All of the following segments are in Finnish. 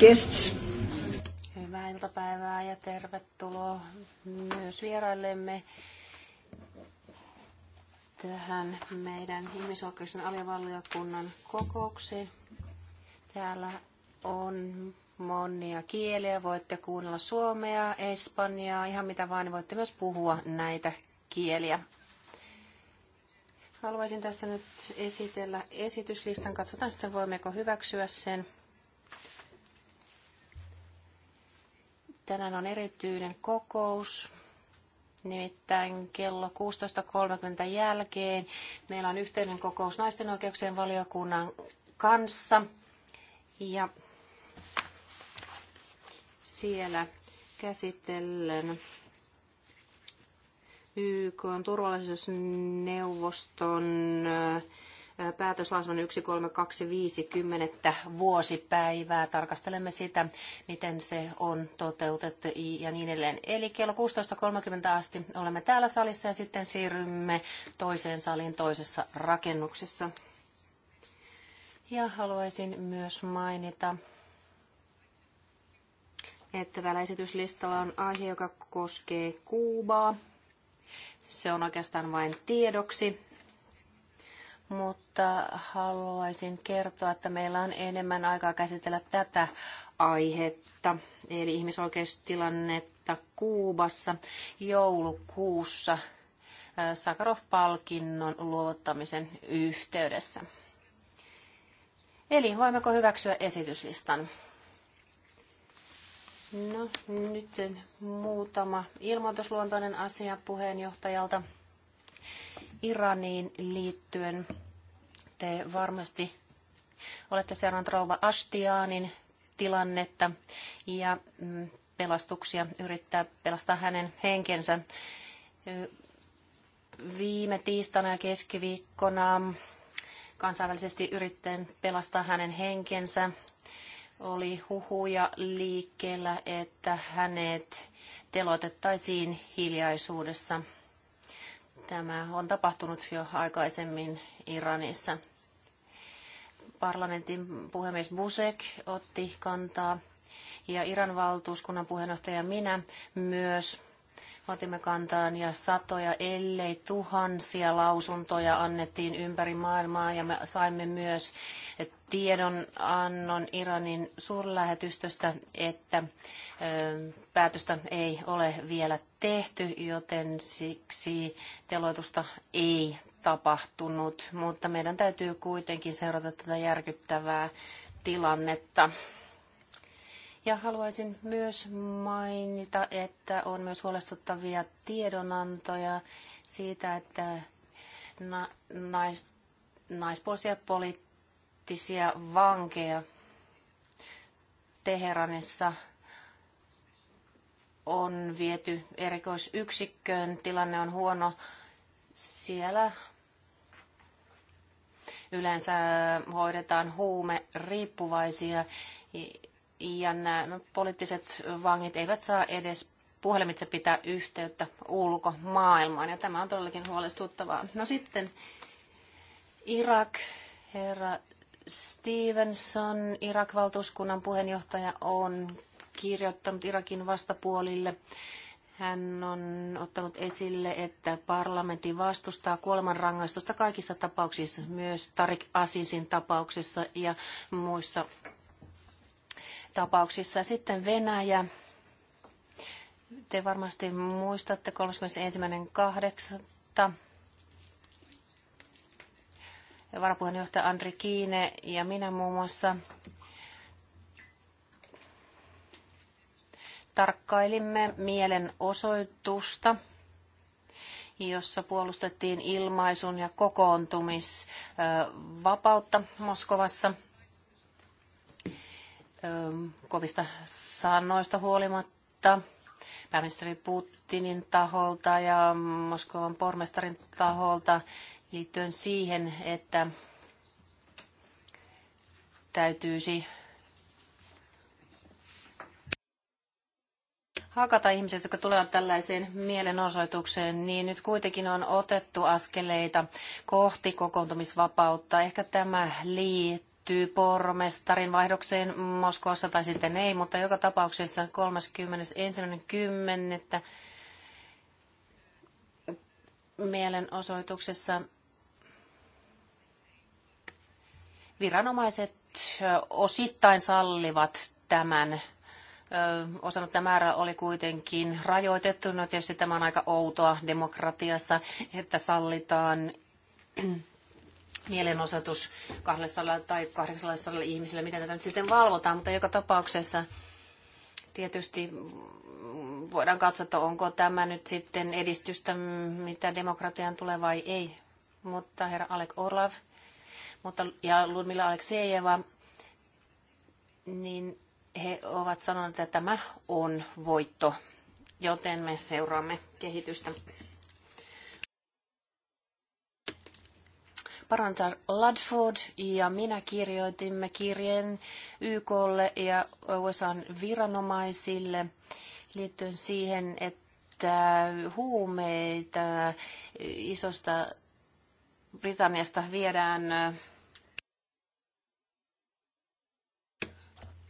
guests. Hyvää iltapäivää ja tervetuloa myös vieraillemme tähän meidän ihmisoikeuksien alivaliokunnan kokoukseen. Täällä on monia kieliä. Voitte kuunnella suomea, espanjaa, ihan mitä vaan. Niin voitte myös puhua näitä kieliä. Haluaisin tässä nyt esitellä esityslistan. Katsotaan sitten, voimmeko hyväksyä sen. Tänään on erityinen kokous, nimittäin kello 16.30 jälkeen. Meillä on yhteinen kokous naisten oikeuksien valiokunnan kanssa. Ja siellä käsitellen YK on turvallisuusneuvoston päätöslauselman 13250 kymmenettä vuosipäivää. Tarkastelemme sitä, miten se on toteutettu ja niin edelleen. Eli kello 16.30 asti olemme täällä salissa ja sitten siirrymme toiseen saliin toisessa rakennuksessa. Ja haluaisin myös mainita, että täällä esityslistalla on aihe, joka koskee Kuubaa. Se on oikeastaan vain tiedoksi mutta haluaisin kertoa, että meillä on enemmän aikaa käsitellä tätä aihetta, eli ihmisoikeustilannetta Kuubassa joulukuussa Sakarov-palkinnon luovuttamisen yhteydessä. Eli voimmeko hyväksyä esityslistan? No, nyt muutama ilmoitusluontoinen asia puheenjohtajalta. Iraniin liittyen. Te varmasti olette seurannut rouva Ashtianin tilannetta ja mm, pelastuksia, yrittää pelastaa hänen henkensä. Viime tiistaina ja keskiviikkona kansainvälisesti yrittäen pelastaa hänen henkensä. Oli huhuja liikkeellä, että hänet telotettaisiin hiljaisuudessa. Tämä on tapahtunut jo aikaisemmin Iranissa. Parlamentin puhemies Busek otti kantaa ja Iran valtuuskunnan puheenjohtaja minä myös otimme kantaan ja satoja, ellei tuhansia lausuntoja annettiin ympäri maailmaa ja me saimme myös tiedonannon Iranin suurlähetystöstä, että päätöstä ei ole vielä tehty, joten siksi teloitusta ei tapahtunut, mutta meidän täytyy kuitenkin seurata tätä järkyttävää tilannetta. Ja haluaisin myös mainita, että on myös huolestuttavia tiedonantoja siitä, että nais- naispuolisia poliittisia vankeja Teheranissa on viety erikoisyksikköön. Tilanne on huono siellä. Yleensä hoidetaan huume riippuvaisia ja nämä poliittiset vangit eivät saa edes puhelimitse pitää yhteyttä ulkomaailmaan, ja tämä on todellakin huolestuttavaa. No sitten Irak, herra Stevenson, Irak-valtuuskunnan puheenjohtaja, on kirjoittanut Irakin vastapuolille. Hän on ottanut esille, että parlamentti vastustaa kuolemanrangaistusta kaikissa tapauksissa, myös Tarik Asisin tapauksessa ja muissa tapauksissa. Sitten Venäjä. Te varmasti muistatte 31.8. Varapuheenjohtaja Andri Kiine ja minä muun muassa tarkkailimme mielenosoitusta, jossa puolustettiin ilmaisun ja kokoontumisvapautta Moskovassa – kovista sanoista huolimatta pääministeri Putinin taholta ja Moskovan pormestarin taholta liittyen siihen, että täytyisi hakata ihmiset, jotka tulevat tällaiseen mielenosoitukseen, niin nyt kuitenkin on otettu askeleita kohti kokoontumisvapautta. Ehkä tämä liittyy liittyy pormestarin vaihdokseen Moskovassa tai sitten ei, mutta joka tapauksessa 31.10. mielenosoituksessa viranomaiset osittain sallivat tämän osana tämä määrä oli kuitenkin rajoitettu. No tietysti tämä on aika outoa demokratiassa, että sallitaan mielenosoitus 200 tai 800 ihmisille, miten tätä nyt sitten valvotaan, mutta joka tapauksessa tietysti voidaan katsoa, että onko tämä nyt sitten edistystä, mitä demokratiaan tulee vai ei. Mutta herra Alek Orlov, mutta, ja Ludmila Aleksejeva, niin he ovat sanoneet, että tämä on voitto, joten me seuraamme kehitystä. parantaa Ladford ja minä kirjoitimme kirjeen YKlle ja USAn viranomaisille liittyen siihen, että huumeita isosta Britanniasta viedään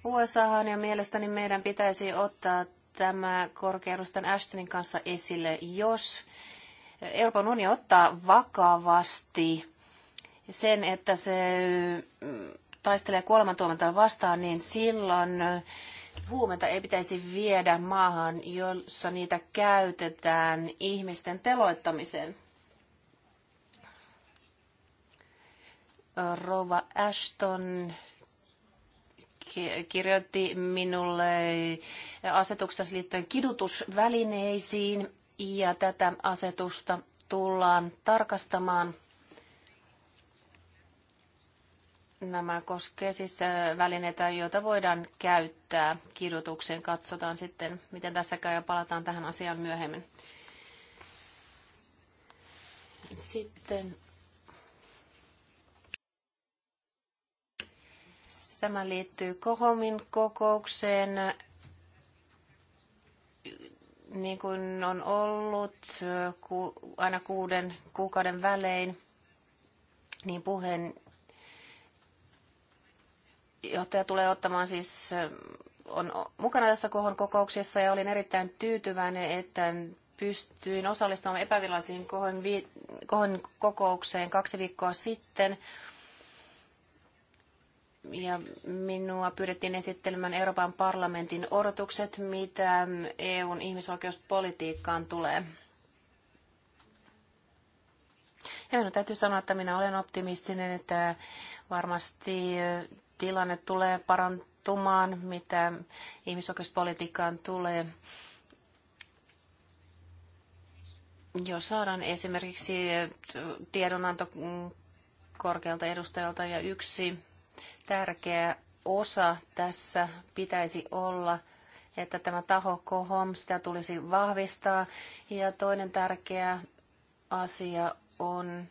USAhan ja mielestäni meidän pitäisi ottaa tämä korkeudustan Ashtonin kanssa esille, jos Euroopan unioni ottaa vakavasti sen, että se mm, taistelee kuolemantuomantoa vastaan, niin silloin huumeita ei pitäisi viedä maahan, jossa niitä käytetään ihmisten teloittamiseen. Rova Ashton kirjoitti minulle asetuksesta liittyen kidutusvälineisiin ja tätä asetusta tullaan tarkastamaan – Nämä koskee siis äh, välineitä, joita voidaan käyttää kidutukseen. Katsotaan sitten, miten tässä käy ja palataan tähän asiaan myöhemmin. Sitten Tämä liittyy Kohomin kokoukseen. Niin kuin on ollut äh, aina kuuden kuukauden välein, niin puheen johtaja tulee ottamaan siis, on mukana tässä kohon kokouksessa ja olin erittäin tyytyväinen, että pystyin osallistumaan epävirallisiin kohon, vi- kohon kokoukseen kaksi viikkoa sitten. Ja minua pyydettiin esittelemään Euroopan parlamentin odotukset, mitä EUn ihmisoikeuspolitiikkaan tulee. Ja minun täytyy sanoa, että minä olen optimistinen, että varmasti tilanne tulee parantumaan, mitä ihmisoikeuspolitiikkaan tulee. Jos saadaan esimerkiksi tiedonanto korkealta edustajalta ja yksi tärkeä osa tässä pitäisi olla, että tämä taho KOHOM, sitä tulisi vahvistaa. Ja toinen tärkeä asia on,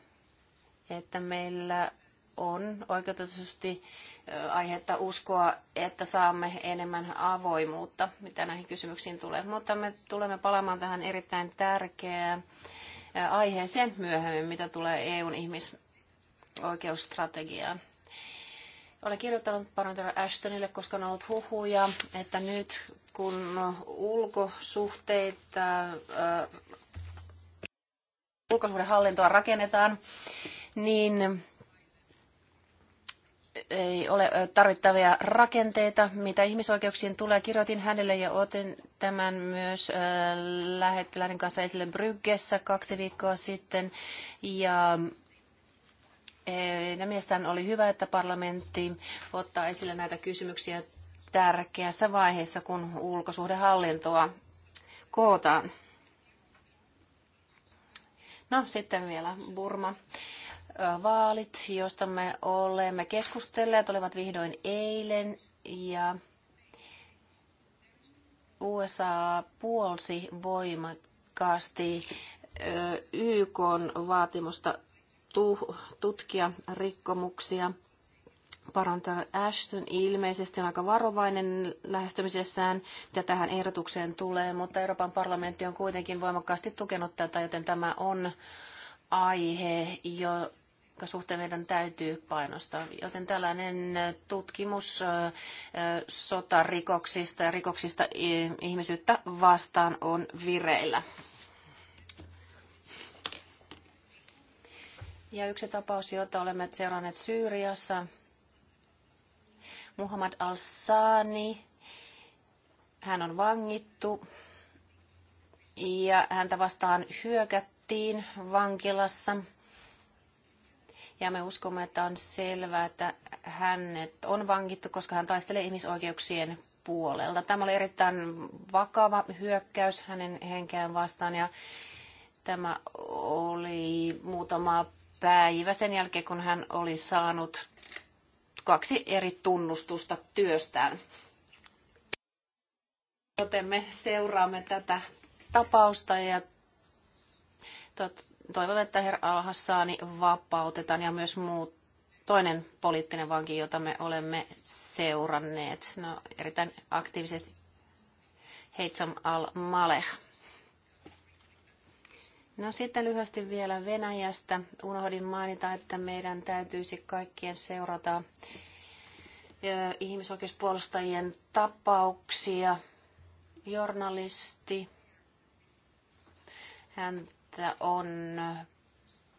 että meillä on oikeutetusti aihetta uskoa, että saamme enemmän avoimuutta, mitä näihin kysymyksiin tulee. Mutta me tulemme palaamaan tähän erittäin tärkeään aiheeseen myöhemmin, mitä tulee EUn ihmisoikeusstrategiaan. Olen kirjoittanut parantajalle Ashtonille, koska on ollut huhuja, että nyt kun ulkosuhteita, ulkosuhdehallintoa rakennetaan, niin ei ole tarvittavia rakenteita, mitä ihmisoikeuksiin tulee. Kirjoitin hänelle ja otin tämän myös lähettiläinen kanssa esille Bryggessä kaksi viikkoa sitten. Ja mielestäni oli hyvä, että parlamentti ottaa esille näitä kysymyksiä tärkeässä vaiheessa, kun ulkosuhdehallintoa kootaan. No sitten vielä Burma vaalit, joista me olemme keskustelleet, olivat vihdoin eilen ja USA puolsi voimakkaasti YK vaatimusta tutkia rikkomuksia. parantaa Ashton ilmeisesti on aika varovainen lähestymisessään, mitä tähän ehdotukseen tulee, mutta Euroopan parlamentti on kuitenkin voimakkaasti tukenut tätä, joten tämä on aihe, suhteen meidän täytyy painostaa. Joten tällainen tutkimus sotarikoksista ja rikoksista ihmisyyttä vastaan on vireillä. Ja yksi tapaus, jota olemme seuranneet Syyriassa, Muhammad al-Sani, hän on vangittu ja häntä vastaan hyökättiin vankilassa – ja me uskomme, että on selvää, että hänet on vangittu, koska hän taistelee ihmisoikeuksien puolelta. Tämä oli erittäin vakava hyökkäys hänen henkeään vastaan ja tämä oli muutama päivä sen jälkeen, kun hän oli saanut kaksi eri tunnustusta työstään. Joten me seuraamme tätä tapausta ja tuota, Toivon, että herra Alhassani vapautetaan ja myös muut toinen poliittinen vanki, jota me olemme seuranneet no, erittäin aktiivisesti, Heitsam al-Maleh. No sitten lyhyesti vielä Venäjästä. Unohdin mainita, että meidän täytyisi kaikkien seurata ihmisoikeuspuolustajien tapauksia. Journalisti, hän että on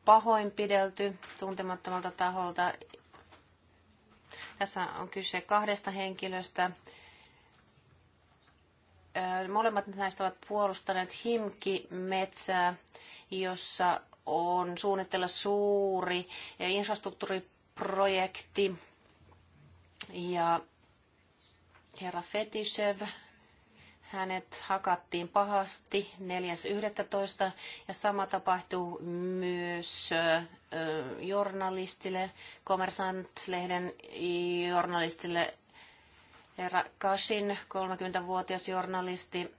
pahoinpidelty tuntemattomalta taholta. Tässä on kyse kahdesta henkilöstä. Molemmat näistä ovat puolustaneet Himki-metsää, jossa on suunnitella suuri infrastruktuuriprojekti. Ja herra Fetishev hänet hakattiin pahasti 4.11. ja sama tapahtuu myös journalistille, Kommersant-lehden journalistille Herra Kashin, 30-vuotias journalisti,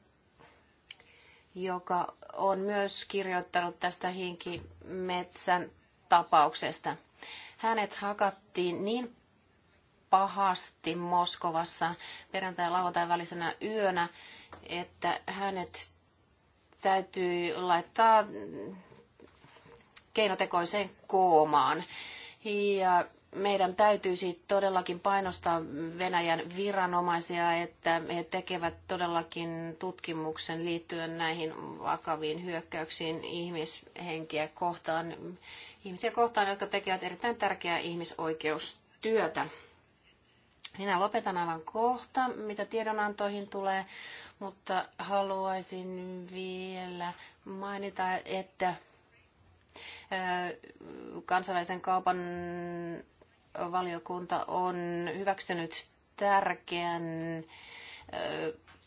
joka on myös kirjoittanut tästä Hinkimetsän tapauksesta. Hänet hakattiin niin pahasti Moskovassa perjantai- ja lauantai välisenä yönä, että hänet täytyy laittaa keinotekoiseen koomaan. Ja meidän täytyisi todellakin painostaa Venäjän viranomaisia, että he tekevät todellakin tutkimuksen liittyen näihin vakaviin hyökkäyksiin ihmishenkiä kohtaan, ihmisiä kohtaan, jotka tekevät erittäin tärkeää ihmisoikeustyötä. Minä lopetan aivan kohta, mitä tiedonantoihin tulee, mutta haluaisin vielä mainita, että kansainvälisen kaupan valiokunta on hyväksynyt tärkeän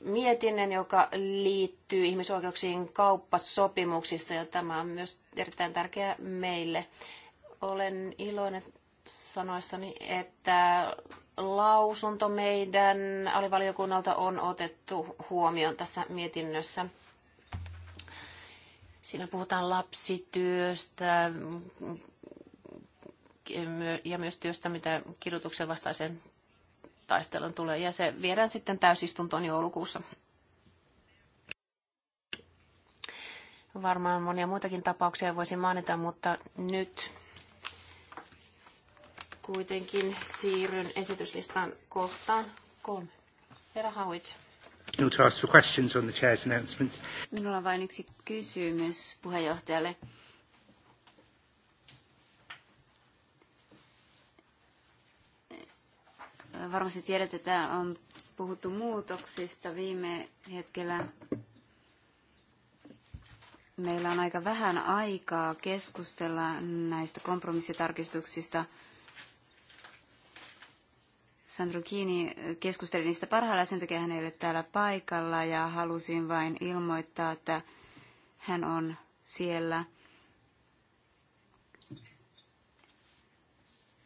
mietinnön, joka liittyy ihmisoikeuksiin kauppasopimuksissa, ja tämä on myös erittäin tärkeä meille. Olen iloinen sanoissani, että lausunto meidän alivaliokunnalta on otettu huomioon tässä mietinnössä. Siinä puhutaan lapsityöstä ja myös työstä, mitä kidutuksen vastaisen taistelun tulee. Ja se viedään sitten täysistuntoon joulukuussa. Varmaan monia muitakin tapauksia voisi mainita, mutta nyt kuitenkin siirryn esityslistan kohtaan kolme. Herra Hauits. Minulla on vain yksi kysymys puheenjohtajalle. Varmasti tiedät, että on puhuttu muutoksista viime hetkellä. Meillä on aika vähän aikaa keskustella näistä kompromissitarkistuksista – Sandro Kiini keskusteli niistä parhaillaan, sen takia hän ei ole täällä paikalla ja halusin vain ilmoittaa, että hän on siellä.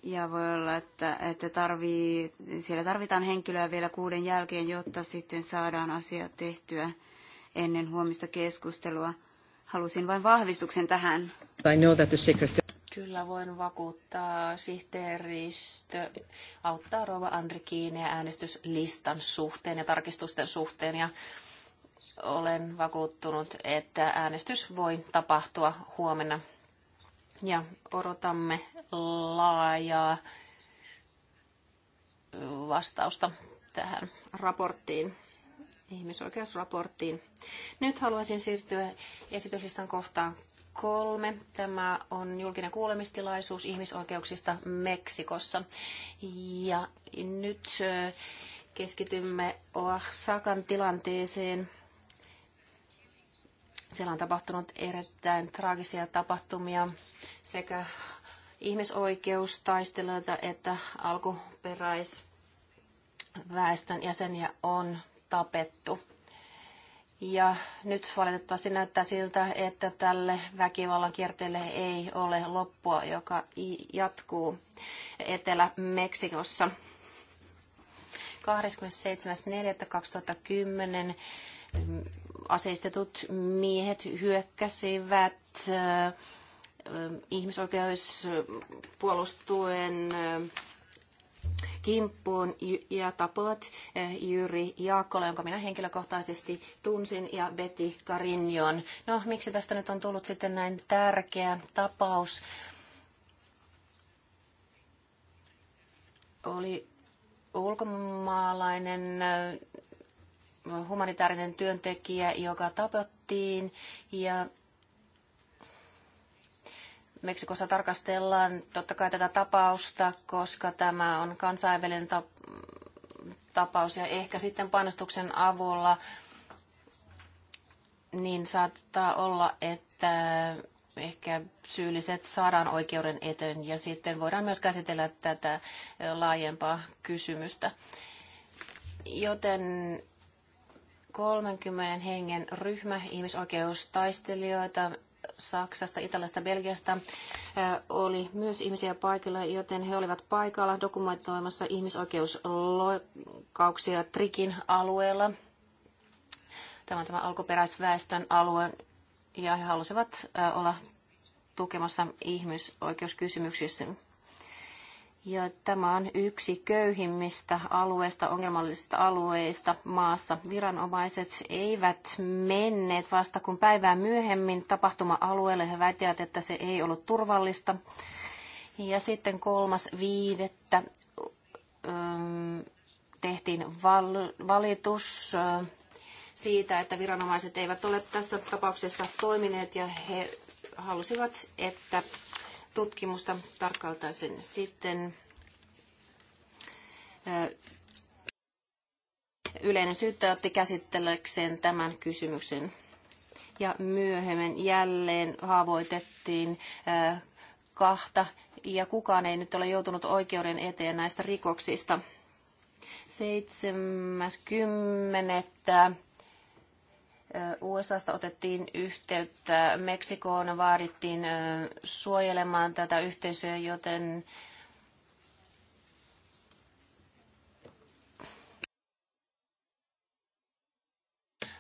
Ja voi olla, että, että tarvii, siellä tarvitaan henkilöä vielä kuuden jälkeen, jotta sitten saadaan asiat tehtyä ennen huomista keskustelua. Halusin vain vahvistuksen tähän. I know that the secretary kyllä voin vakuuttaa sihteeristö auttaa Rova Andrikiineä äänestyslistan suhteen ja tarkistusten suhteen. Ja olen vakuuttunut, että äänestys voi tapahtua huomenna. Ja odotamme laajaa vastausta tähän raporttiin ihmisoikeusraporttiin. Nyt haluaisin siirtyä esityslistan kohtaan kolme. Tämä on julkinen kuulemistilaisuus ihmisoikeuksista Meksikossa. Ja nyt keskitymme Oaxacan tilanteeseen. Siellä on tapahtunut erittäin traagisia tapahtumia sekä ihmisoikeustaistelijoita että alkuperäisväestön jäseniä on tapettu. Ja nyt valitettavasti näyttää siltä, että tälle väkivallan kierteelle ei ole loppua, joka jatkuu Etelä-Meksikossa. 27.4.2010 aseistetut miehet hyökkäsivät ihmisoikeuspuolustuen kimppuun ja tapot e, Jyri Jaakkola, jonka minä henkilökohtaisesti tunsin, ja Betty Carinjon. No, miksi tästä nyt on tullut sitten näin tärkeä tapaus? Oli ulkomaalainen e, humanitaarinen työntekijä, joka tapettiin ja Meksikossa tarkastellaan totta kai tätä tapausta, koska tämä on kansainvälinen tapaus ja ehkä sitten panostuksen avulla niin saattaa olla, että ehkä syylliset saadaan oikeuden eteen ja sitten voidaan myös käsitellä tätä laajempaa kysymystä. Joten 30 hengen ryhmä ihmisoikeustaistelijoita Saksasta, Italiasta, Belgiasta oli myös ihmisiä paikalla, joten he olivat paikalla dokumentoimassa ihmisoikeusloikkauksia Trikin alueella. Tämä on tämä alkuperäisväestön alue, ja he halusivat olla tukemassa ihmisoikeuskysymyksissä. Ja tämä on yksi köyhimmistä alueista, ongelmallisista alueista maassa. Viranomaiset eivät menneet vasta kun päivää myöhemmin tapahtuma-alueelle. He väittävät, että se ei ollut turvallista. Ja sitten kolmas viidettä tehtiin valitus siitä, että viranomaiset eivät ole tässä tapauksessa toimineet ja he halusivat, että tutkimusta tarkkailtaisin sitten. Yleinen syyttäjä otti käsittelekseen tämän kysymyksen ja myöhemmin jälleen haavoitettiin kahta ja kukaan ei nyt ole joutunut oikeuden eteen näistä rikoksista. 70. USAsta otettiin yhteyttä Meksikoon, vaadittiin suojelemaan tätä yhteisöä, joten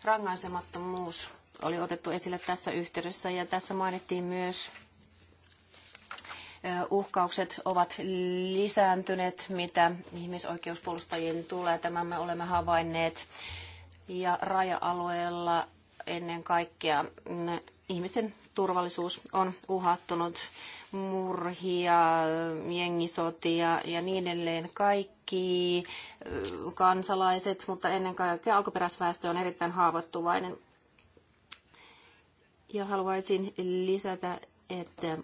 rangaisemattomuus oli otettu esille tässä yhteydessä ja tässä mainittiin myös uhkaukset ovat lisääntyneet, mitä ihmisoikeuspuolustajien tulee. Tämän me olemme havainneet ja raja-alueella ennen kaikkea mm, ihmisten turvallisuus on uhattunut. Murhia, jengisotia ja niin edelleen. Kaikki mm, kansalaiset, mutta ennen kaikkea alkuperäisväestö on erittäin haavoittuvainen. Ja haluaisin lisätä, että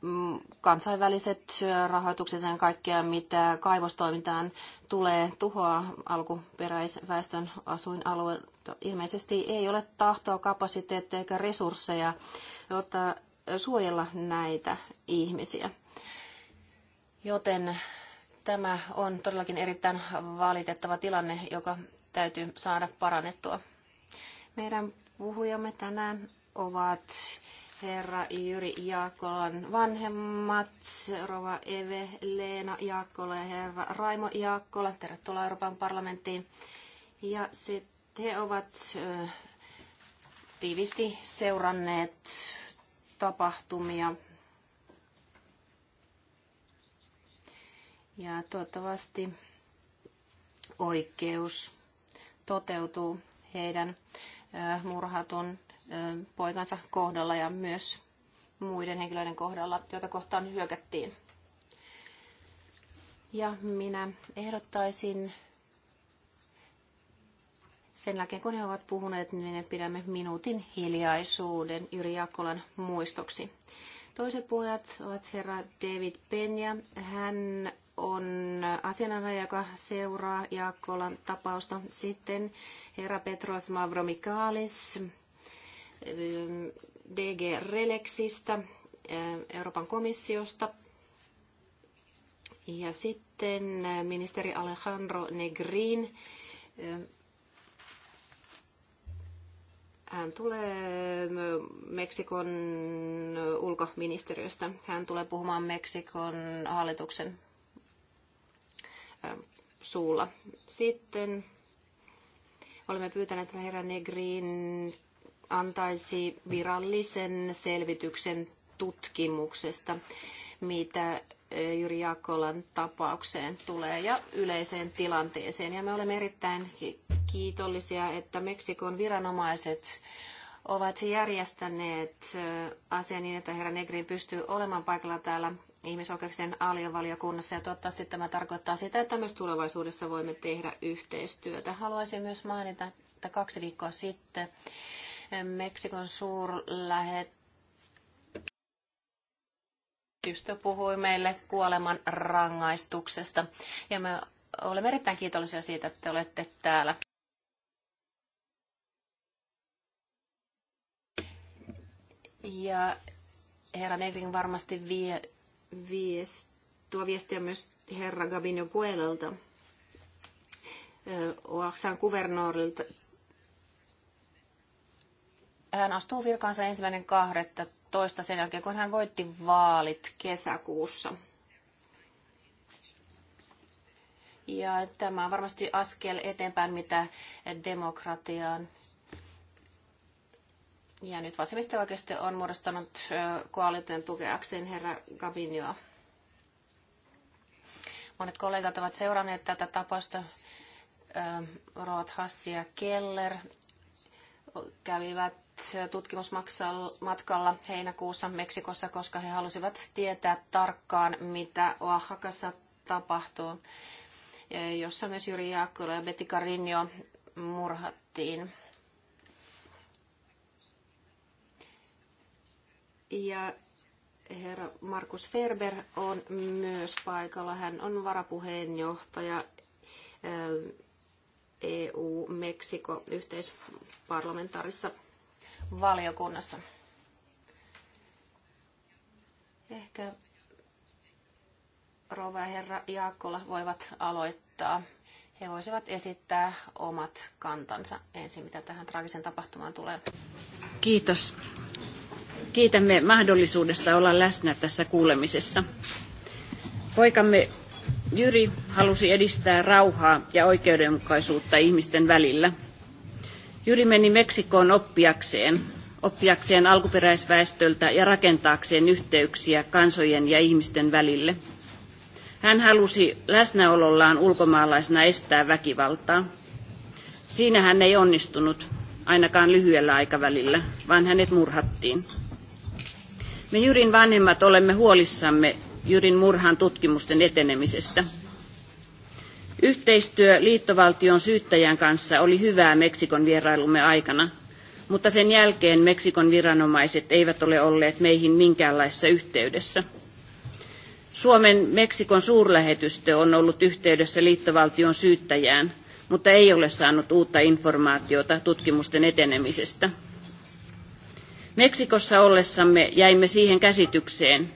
Mm, kansainväliset rahoitukset ja kaikkea, mitä kaivostoimintaan tulee tuhoa alkuperäisväestön asuinalue. Ilmeisesti ei ole tahtoa, kapasiteettia eikä resursseja, jotta suojella näitä ihmisiä. Joten tämä on todellakin erittäin valitettava tilanne, joka täytyy saada parannettua. Meidän puhujamme tänään ovat herra Jyri Jaakolan vanhemmat, rova Eve Leena Jaakkola ja herra Raimo Jaakkola. Tervetuloa Euroopan parlamenttiin. Ja sitten he ovat tiivisti seuranneet tapahtumia. Ja toivottavasti oikeus toteutuu heidän murhatun poikansa kohdalla ja myös muiden henkilöiden kohdalla, joita kohtaan hyökättiin. Ja minä ehdottaisin sen jälkeen, kun he ovat puhuneet, niin me pidämme minuutin hiljaisuuden Jyri Jakolan muistoksi. Toiset puhujat ovat herra David Penja. Hän on asianajaja, joka seuraa Jaakkolan tapausta. Sitten herra Petros Mavromikalis, DG Relexistä, Euroopan komissiosta. Ja sitten ministeri Alejandro Negrin. Hän tulee Meksikon ulkoministeriöstä. Hän tulee puhumaan Meksikon hallituksen suulla. Sitten olemme pyytäneet herra Negrin antaisi virallisen selvityksen tutkimuksesta, mitä Jyri Jaakkolan tapaukseen tulee ja yleiseen tilanteeseen. Ja me olemme erittäin kiitollisia, että Meksikon viranomaiset ovat järjestäneet asian niin, että herra Negrin pystyy olemaan paikalla täällä ihmisoikeuksien aliovaliokunnassa ja toivottavasti tämä tarkoittaa sitä, että myös tulevaisuudessa voimme tehdä yhteistyötä. Haluaisin myös mainita, että kaksi viikkoa sitten Meksikon suurlähetystö puhui meille kuoleman rangaistuksesta. Ja me olemme erittäin kiitollisia siitä, että te olette täällä. Ja herra Negrin varmasti vie, viest, tuo viestiä myös herra Gabino Guelalta, Oaxan kuvernoorilta hän astuu virkaansa ensimmäinen kahdetta toista sen jälkeen, kun hän voitti vaalit kesäkuussa. Ja tämä on varmasti askel eteenpäin, mitä demokratiaan. Ja nyt vasemmisto oikeasti on muodostanut koalition tukeakseen herra Gabinioa. Monet kollegat ovat seuranneet tätä tapausta. Roth Hassi ja Keller kävivät tutkimusmatkalla heinäkuussa Meksikossa, koska he halusivat tietää tarkkaan, mitä Oaxacassa tapahtuu, jossa myös Jyri Jaakkola ja Betty Carinho murhattiin. Ja herra Markus Ferber on myös paikalla. Hän on varapuheenjohtaja EU-Meksiko-yhteisparlamentaarissa valiokunnassa. Ehkä rouva ja herra Jaakkola voivat aloittaa. He voisivat esittää omat kantansa ensin, mitä tähän traagisen tapahtumaan tulee. Kiitos. Kiitämme mahdollisuudesta olla läsnä tässä kuulemisessa. Poikamme Jyri halusi edistää rauhaa ja oikeudenmukaisuutta ihmisten välillä – Jyri meni Meksikoon oppiakseen, oppiakseen alkuperäisväestöltä ja rakentaakseen yhteyksiä kansojen ja ihmisten välille. Hän halusi läsnäolollaan ulkomaalaisena estää väkivaltaa. Siinä hän ei onnistunut, ainakaan lyhyellä aikavälillä, vaan hänet murhattiin. Me Jyrin vanhemmat olemme huolissamme Jyrin murhan tutkimusten etenemisestä – Yhteistyö liittovaltion syyttäjän kanssa oli hyvää Meksikon vierailumme aikana, mutta sen jälkeen Meksikon viranomaiset eivät ole olleet meihin minkäänlaisessa yhteydessä. Suomen Meksikon suurlähetystö on ollut yhteydessä liittovaltion syyttäjään, mutta ei ole saanut uutta informaatiota tutkimusten etenemisestä. Meksikossa ollessamme jäimme siihen käsitykseen,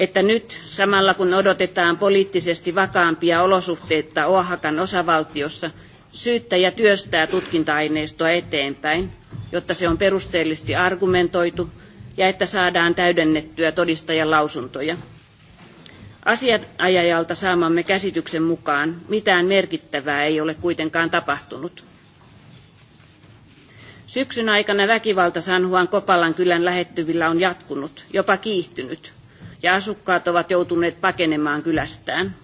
että nyt samalla kun odotetaan poliittisesti vakaampia olosuhteita Oahakan osavaltiossa, syyttäjä työstää tutkinta-aineistoa eteenpäin, jotta se on perusteellisesti argumentoitu ja että saadaan täydennettyä todistajan lausuntoja. Asianajajalta saamamme käsityksen mukaan mitään merkittävää ei ole kuitenkaan tapahtunut. Syksyn aikana väkivalta Sanhuan Kopalan kylän lähettyvillä on jatkunut, jopa kiihtynyt – ja asukkaat ovat joutuneet pakenemaan kylästään.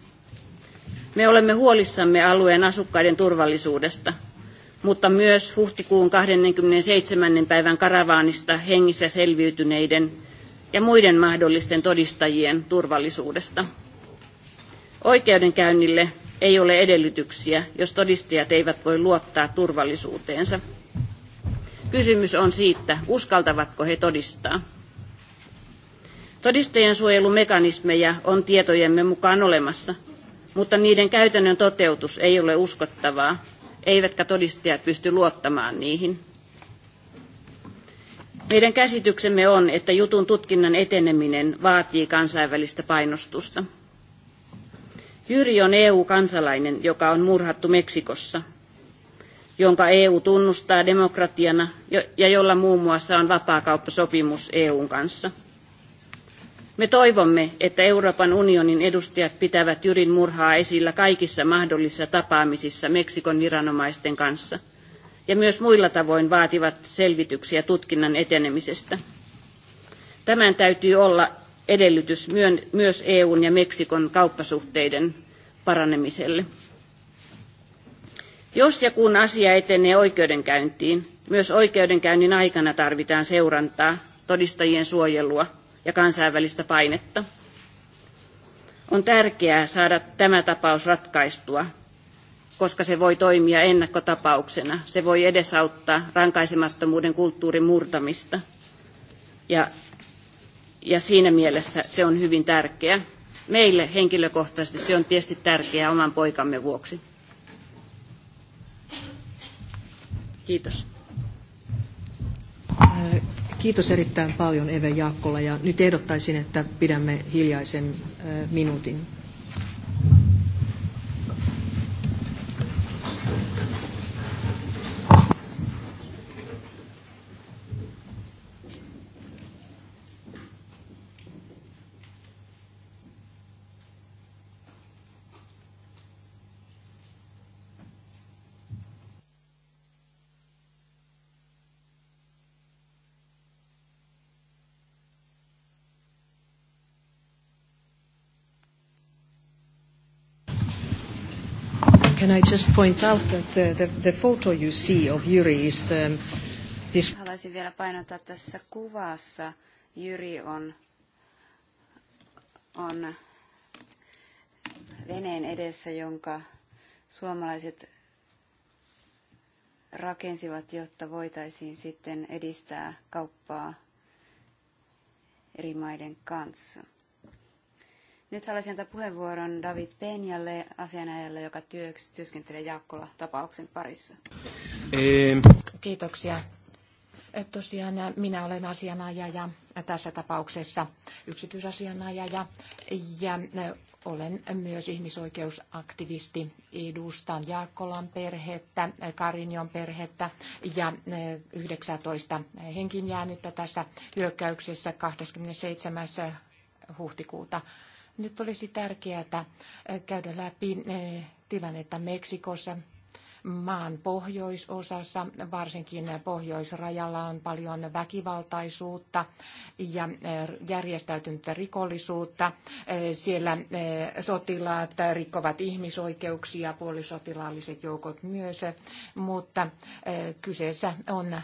Me olemme huolissamme alueen asukkaiden turvallisuudesta, mutta myös huhtikuun 27. päivän karavaanista hengissä selviytyneiden ja muiden mahdollisten todistajien turvallisuudesta. Oikeudenkäynnille ei ole edellytyksiä, jos todistajat eivät voi luottaa turvallisuuteensa. Kysymys on siitä, uskaltavatko he todistaa. Todistajien suojelumekanismeja on tietojemme mukaan olemassa, mutta niiden käytännön toteutus ei ole uskottavaa, eivätkä todistajat pysty luottamaan niihin. Meidän käsityksemme on, että jutun tutkinnan eteneminen vaatii kansainvälistä painostusta. Jyri on EU-kansalainen, joka on murhattu Meksikossa, jonka EU tunnustaa demokratiana ja jolla muun muassa on vapaakauppasopimus EUn kanssa – me toivomme, että Euroopan unionin edustajat pitävät Jyrin murhaa esillä kaikissa mahdollisissa tapaamisissa Meksikon viranomaisten kanssa ja myös muilla tavoin vaativat selvityksiä tutkinnan etenemisestä. Tämän täytyy olla edellytys myös EUn ja Meksikon kauppasuhteiden paranemiselle. Jos ja kun asia etenee oikeudenkäyntiin, myös oikeudenkäynnin aikana tarvitaan seurantaa, todistajien suojelua ja kansainvälistä painetta. On tärkeää saada tämä tapaus ratkaistua, koska se voi toimia ennakkotapauksena. Se voi edesauttaa rankaisemattomuuden kulttuurin murtamista. Ja, ja siinä mielessä se on hyvin tärkeä. Meille henkilökohtaisesti se on tietysti tärkeää oman poikamme vuoksi. Kiitos. Kiitos erittäin paljon Eve Jaakkola ja nyt ehdottaisin, että pidämme hiljaisen minuutin Can I just point out that the, the, the photo you see of Yuri is um, this... Haluaisin vielä painottaa tässä kuvassa. Jyri on, on veneen edessä, jonka suomalaiset rakensivat, jotta voitaisiin sitten edistää kauppaa eri maiden kanssa. Nyt haluaisin antaa puheenvuoron David Penjalle, asianajajalle, joka työks, työskentelee Jaakkola-tapauksen parissa. Kiitoksia. E, tosiaan minä olen asianajaja tässä tapauksessa, yksityisasianajaja ja olen myös ihmisoikeusaktivisti. Edustan Jaakkolan perhettä, Karinjon perhettä ja 19 henkin jäänyttä tässä hyökkäyksessä 27. huhtikuuta nyt olisi tärkeää äh, käydä läpi äh, tilannetta Meksikossa maan pohjoisosassa, varsinkin pohjoisrajalla on paljon väkivaltaisuutta ja eh, järjestäytynyttä rikollisuutta. Eh, siellä eh, sotilaat rikkovat ihmisoikeuksia, puolisotilaalliset joukot myös, mutta kyseessä on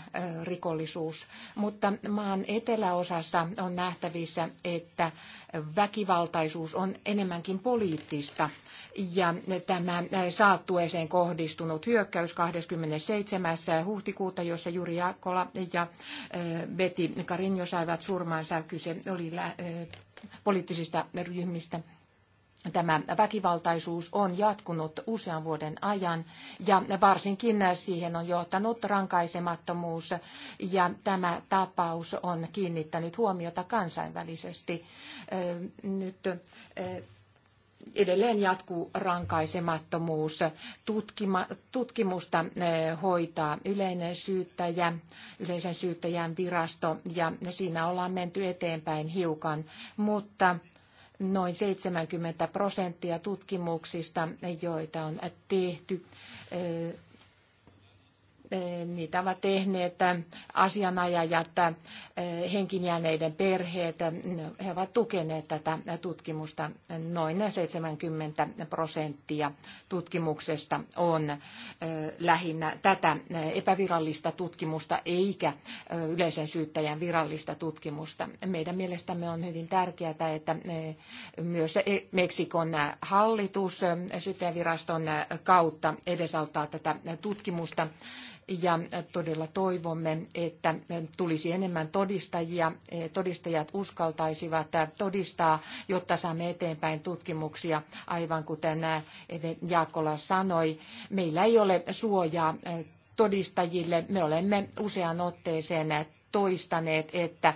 rikollisuus. Mutta maan eteläosassa on nähtävissä, että väkivaltaisuus on enemmänkin poliittista ja tämä saattueeseen kohdistunut hyökkäys 27. huhtikuuta, jossa Juri Jakola ja eh, Betty Karinjo saivat surmansa. Kyse oli eh, poliittisista ryhmistä. Tämä väkivaltaisuus on jatkunut usean vuoden ajan ja varsinkin siihen on johtanut rankaisemattomuus ja tämä tapaus on kiinnittänyt huomiota kansainvälisesti. Eh, nyt edelleen jatkuu rankaisemattomuus. Tutkima, tutkimusta eh, hoitaa yleinen syyttäjä, yleisen syyttäjän virasto ja siinä ollaan menty eteenpäin hiukan, mutta noin 70 prosenttia tutkimuksista, joita on tehty, eh, Niitä ovat tehneet asianajajat, henkinjääneiden perheet. He ovat tukeneet tätä tutkimusta. Noin 70 prosenttia tutkimuksesta on lähinnä tätä epävirallista tutkimusta eikä yleisen syyttäjän virallista tutkimusta. Meidän mielestämme on hyvin tärkeää, että myös e- Meksikon hallitus syyttäjäviraston kautta edesauttaa tätä tutkimusta ja todella toivomme, että tulisi enemmän todistajia, todistajat uskaltaisivat todistaa, jotta saamme eteenpäin tutkimuksia, aivan kuten Eve Jaakola sanoi. Meillä ei ole suojaa todistajille. Me olemme useaan otteeseen toistaneet, että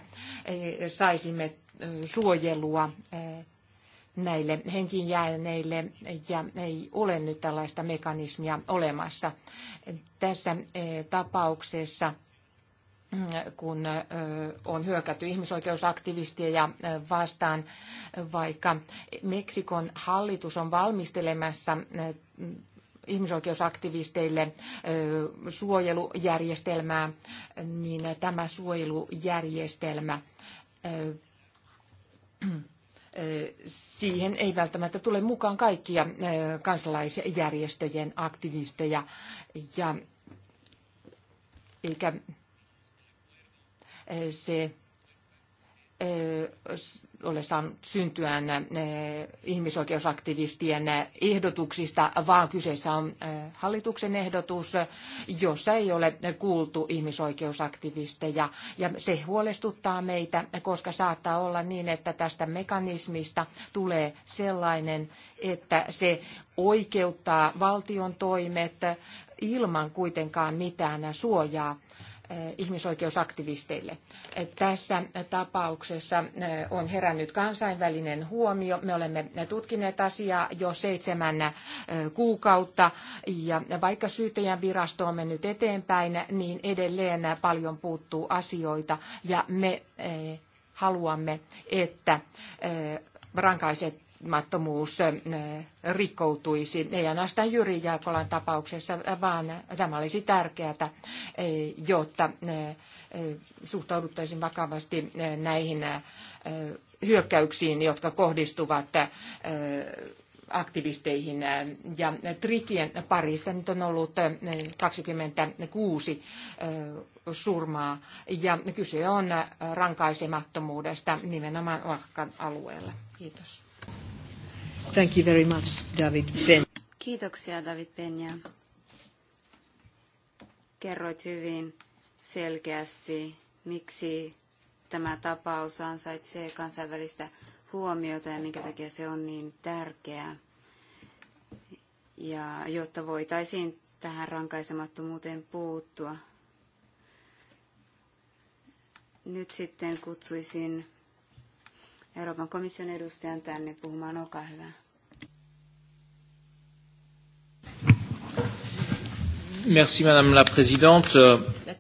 saisimme suojelua näille henkiin jääneille ja ei ole nyt tällaista mekanismia olemassa. Tässä eh, tapauksessa mm, kun eh, on hyökätty ihmisoikeusaktivistia ja eh, vastaan, vaikka Meksikon hallitus on valmistelemassa ihmisoikeusaktivisteille suojelujärjestelmää, niin tämä suojelujärjestelmä siihen ei välttämättä tule mukaan kaikkia kansalaisjärjestöjen aktivisteja ja eikä se ole saanut syntyään eh, ihmisoikeusaktivistien eh, ehdotuksista, vaan kyseessä on eh, hallituksen ehdotus, jossa ei ole kuultu ihmisoikeusaktivisteja. Ja se huolestuttaa meitä, koska saattaa olla niin, että tästä mekanismista tulee sellainen, että se oikeuttaa valtion toimet ilman kuitenkaan mitään suojaa Eh, ihmisoikeusaktivisteille. Tässä tapauksessa eh, on herännyt kansainvälinen huomio. Me olemme tutkineet asiaa jo seitsemän eh, kuukautta ja vaikka syyttäjän virasto on mennyt eteenpäin, niin edelleen paljon puuttuu asioita ja me haluamme, että rankaiset koskemattomuus eh, rikkoutuisi, ei ainoastaan Jyri Jaakolan tapauksessa, vaan tämä olisi tärkeää, eh, jotta eh, suhtauduttaisiin vakavasti näihin hyökkäyksiin, jotka kohdistuvat aktivisteihin ja trikien parissa nyt on ollut 26 surmaa ja kyse on rankaisemattomuudesta nimenomaan Oaxacan alueella. Kiitos. Thank you very much, David Ben. Kiitoksia, David Benja. Kerroit hyvin selkeästi, miksi tämä tapaus ansaitsee kansainvälistä huomiota ja minkä takia se on niin tärkeää. Ja jotta voitaisiin tähän rankaisemattomuuteen puuttua. Nyt sitten kutsuisin Euroopan komission edustajan tänne puhumaan. Olkaa hyvä. Merci, Madame la Présidente.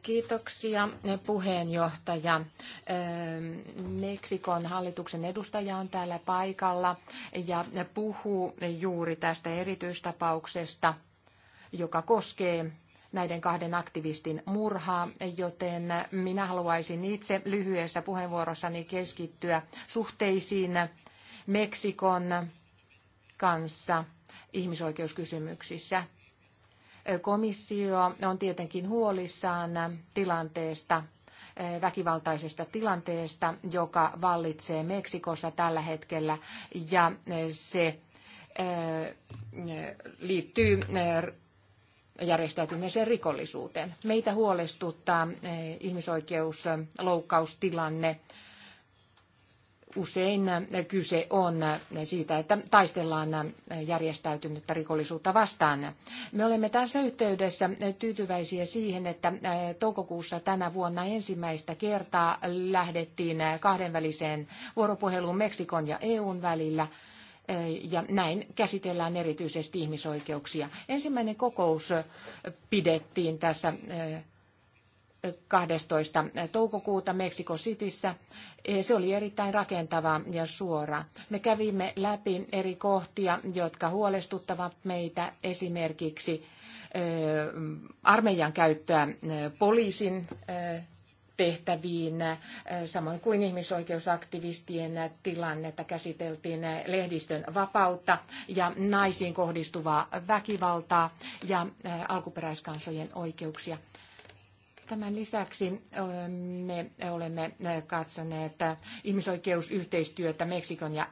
Kiitoksia puheenjohtaja. Öö, Meksikon hallituksen edustaja on täällä paikalla ja puhuu juuri tästä erityistapauksesta, joka koskee näiden kahden aktivistin murhaa, joten minä haluaisin itse lyhyessä puheenvuorossani keskittyä suhteisiin Meksikon kanssa ihmisoikeuskysymyksissä. Komissio on tietenkin huolissaan tilanteesta, väkivaltaisesta tilanteesta, joka vallitsee Meksikossa tällä hetkellä ja se liittyy järjestäytyneeseen rikollisuuteen. Meitä huolestuttaa eh, ihmisoikeusloukkaustilanne. Usein eh, kyse on eh, siitä, että taistellaan järjestäytynyttä rikollisuutta vastaan. Me olemme tässä yhteydessä tyytyväisiä siihen, että toukokuussa tänä vuonna ensimmäistä kertaa lähdettiin kahdenväliseen vuoropuheluun Meksikon ja EUn välillä – ja näin käsitellään erityisesti ihmisoikeuksia. Ensimmäinen kokous pidettiin tässä 12. toukokuuta Meksiko Cityssä. E, se oli erittäin rakentava ja suora. Me kävimme läpi eri kohtia, jotka huolestuttavat meitä, esimerkiksi armeijan käyttöä poliisin tehtäviin, samoin kuin ihmisoikeusaktivistien tilannetta käsiteltiin lehdistön vapautta ja naisiin kohdistuvaa väkivaltaa ja alkuperäiskansojen oikeuksia. Tämän lisäksi me olemme katsoneet ihmisoikeusyhteistyötä Meksikon ja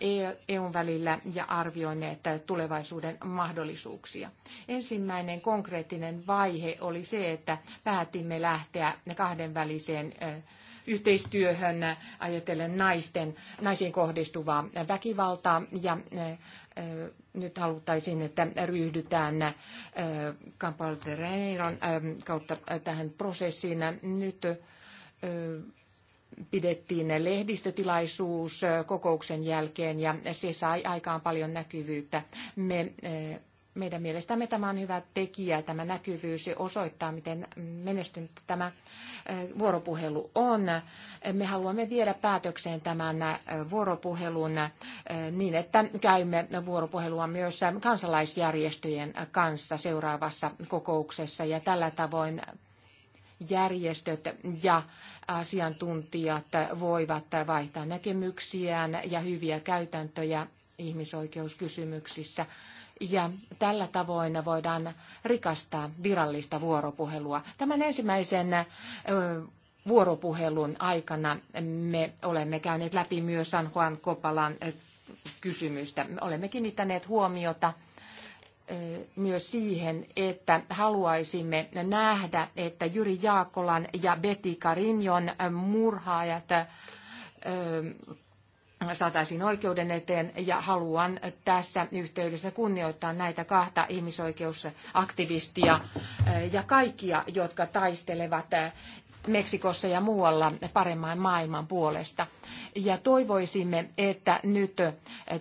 EUn e välillä ja arvioineet tulevaisuuden mahdollisuuksia. Ensimmäinen konkreettinen vaihe oli se, että päätimme lähteä kahdenväliseen väliseen yhteistyöhön ajatellen naisten, naisiin kohdistuvaa väkivaltaa ja eh, eh, nyt haluttaisiin, että ryhdytään eh, Campal de kautta tähän prosessiin. Nyt pidettiin lehdistötilaisuus kokouksen jälkeen ja se sai aikaan paljon näkyvyyttä. Me meidän mielestämme tämä on hyvä tekijä, tämä näkyvyys osoittaa, miten menestynyt tämä vuoropuhelu on. Me haluamme viedä päätökseen tämän vuoropuhelun niin, että käymme vuoropuhelua myös kansalaisjärjestöjen kanssa seuraavassa kokouksessa ja tällä tavoin järjestöt ja asiantuntijat voivat vaihtaa näkemyksiään ja hyviä käytäntöjä ihmisoikeuskysymyksissä ja tällä tavoin voidaan rikastaa virallista vuoropuhelua. Tämän ensimmäisen vuoropuhelun aikana me olemme käyneet läpi myös San Juan Kopalan kysymystä. Me olemme kiinnittäneet huomiota myös siihen, että haluaisimme nähdä, että Jyri Jaakolan ja Betty Karinjon murhaajat saataisiin oikeuden eteen ja haluan tässä yhteydessä kunnioittaa näitä kahta ihmisoikeusaktivistia eh, ja kaikkia, jotka taistelevat eh, Meksikossa ja muualla paremman maailman puolesta. Ja toivoisimme, että nyt eh,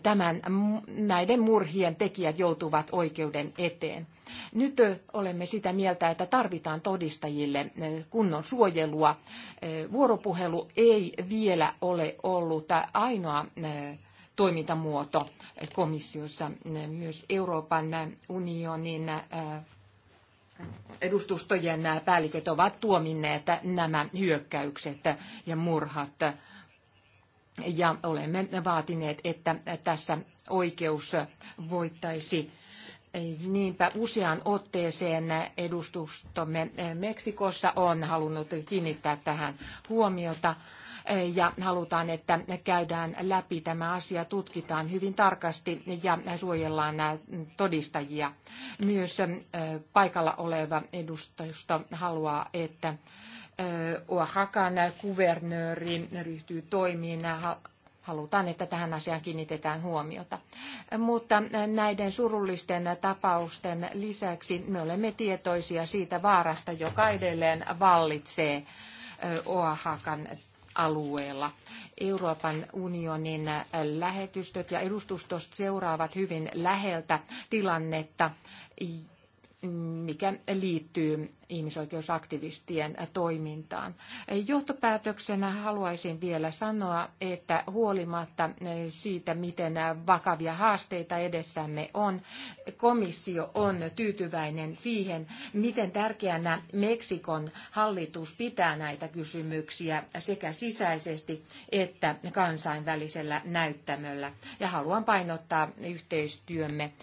tämän, näiden murhien tekijät joutuvat oikeuden eteen. Nyt olemme sitä mieltä, että tarvitaan todistajille kunnon suojelua. Vuoropuhelu ei vielä ole ollut ainoa toimintamuoto komissiossa. Myös Euroopan unionin edustustojen päälliköt ovat tuominneet nämä hyökkäykset ja murhat. Ja olemme vaatineet, että tässä oikeus voittaisi Niinpä useaan otteeseen edustustomme eh, Meksikossa on halunnut kiinnittää tähän huomiota eh, ja halutaan, että käydään läpi tämä asia, tutkitaan hyvin tarkasti ja suojellaan nämä eh, todistajia. Myös paikalla oleva edustusto haluaa, että Oaxacan kuvernööri ryhtyy toimiin halutaan, että tähän asiaan kiinnitetään huomiota. Mutta näiden surullisten tapausten lisäksi me olemme tietoisia siitä vaarasta, joka edelleen vallitsee Oahakan alueella. Euroopan unionin lähetystöt ja edustustot seuraavat hyvin läheltä tilannetta mikä liittyy ihmisoikeusaktivistien toimintaan. Johtopäätöksenä haluaisin vielä sanoa, että huolimatta siitä, miten vakavia haasteita edessämme on, komissio on tyytyväinen siihen, miten tärkeänä Meksikon hallitus pitää näitä kysymyksiä sekä sisäisesti että kansainvälisellä näyttämöllä. Ja haluan painottaa yhteistyömme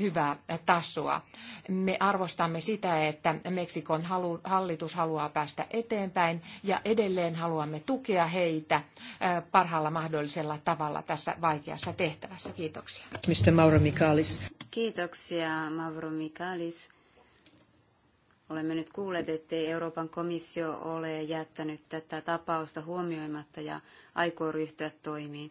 hyvää tasoa. Me arvostamme sitä, että Meksikon hallitus haluaa päästä eteenpäin ja edelleen haluamme tukea heitä parhaalla mahdollisella tavalla tässä vaikeassa tehtävässä. Kiitoksia. Mr. Mauro Mikalis. Kiitoksia, Mauro Mikalis. Olemme nyt kuulleet, ettei Euroopan komissio ole jättänyt tätä tapausta huomioimatta ja aikoo ryhtyä toimiin.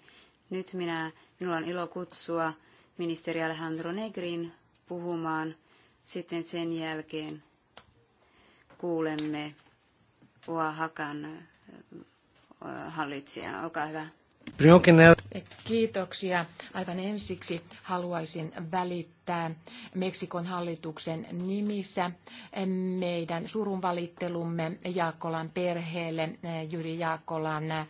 Nyt minä, minulla on ilo kutsua ministeri Alejandro Negrin puhumaan. Sitten sen jälkeen kuulemme Oaxacan äh, hallitsijan. Olkaa hyvä. Kiitoksia. Aivan ensiksi haluaisin välittää Meksikon hallituksen nimissä meidän surunvalittelumme Jaakolan perheelle, äh, Jyri Jaakkolan äh,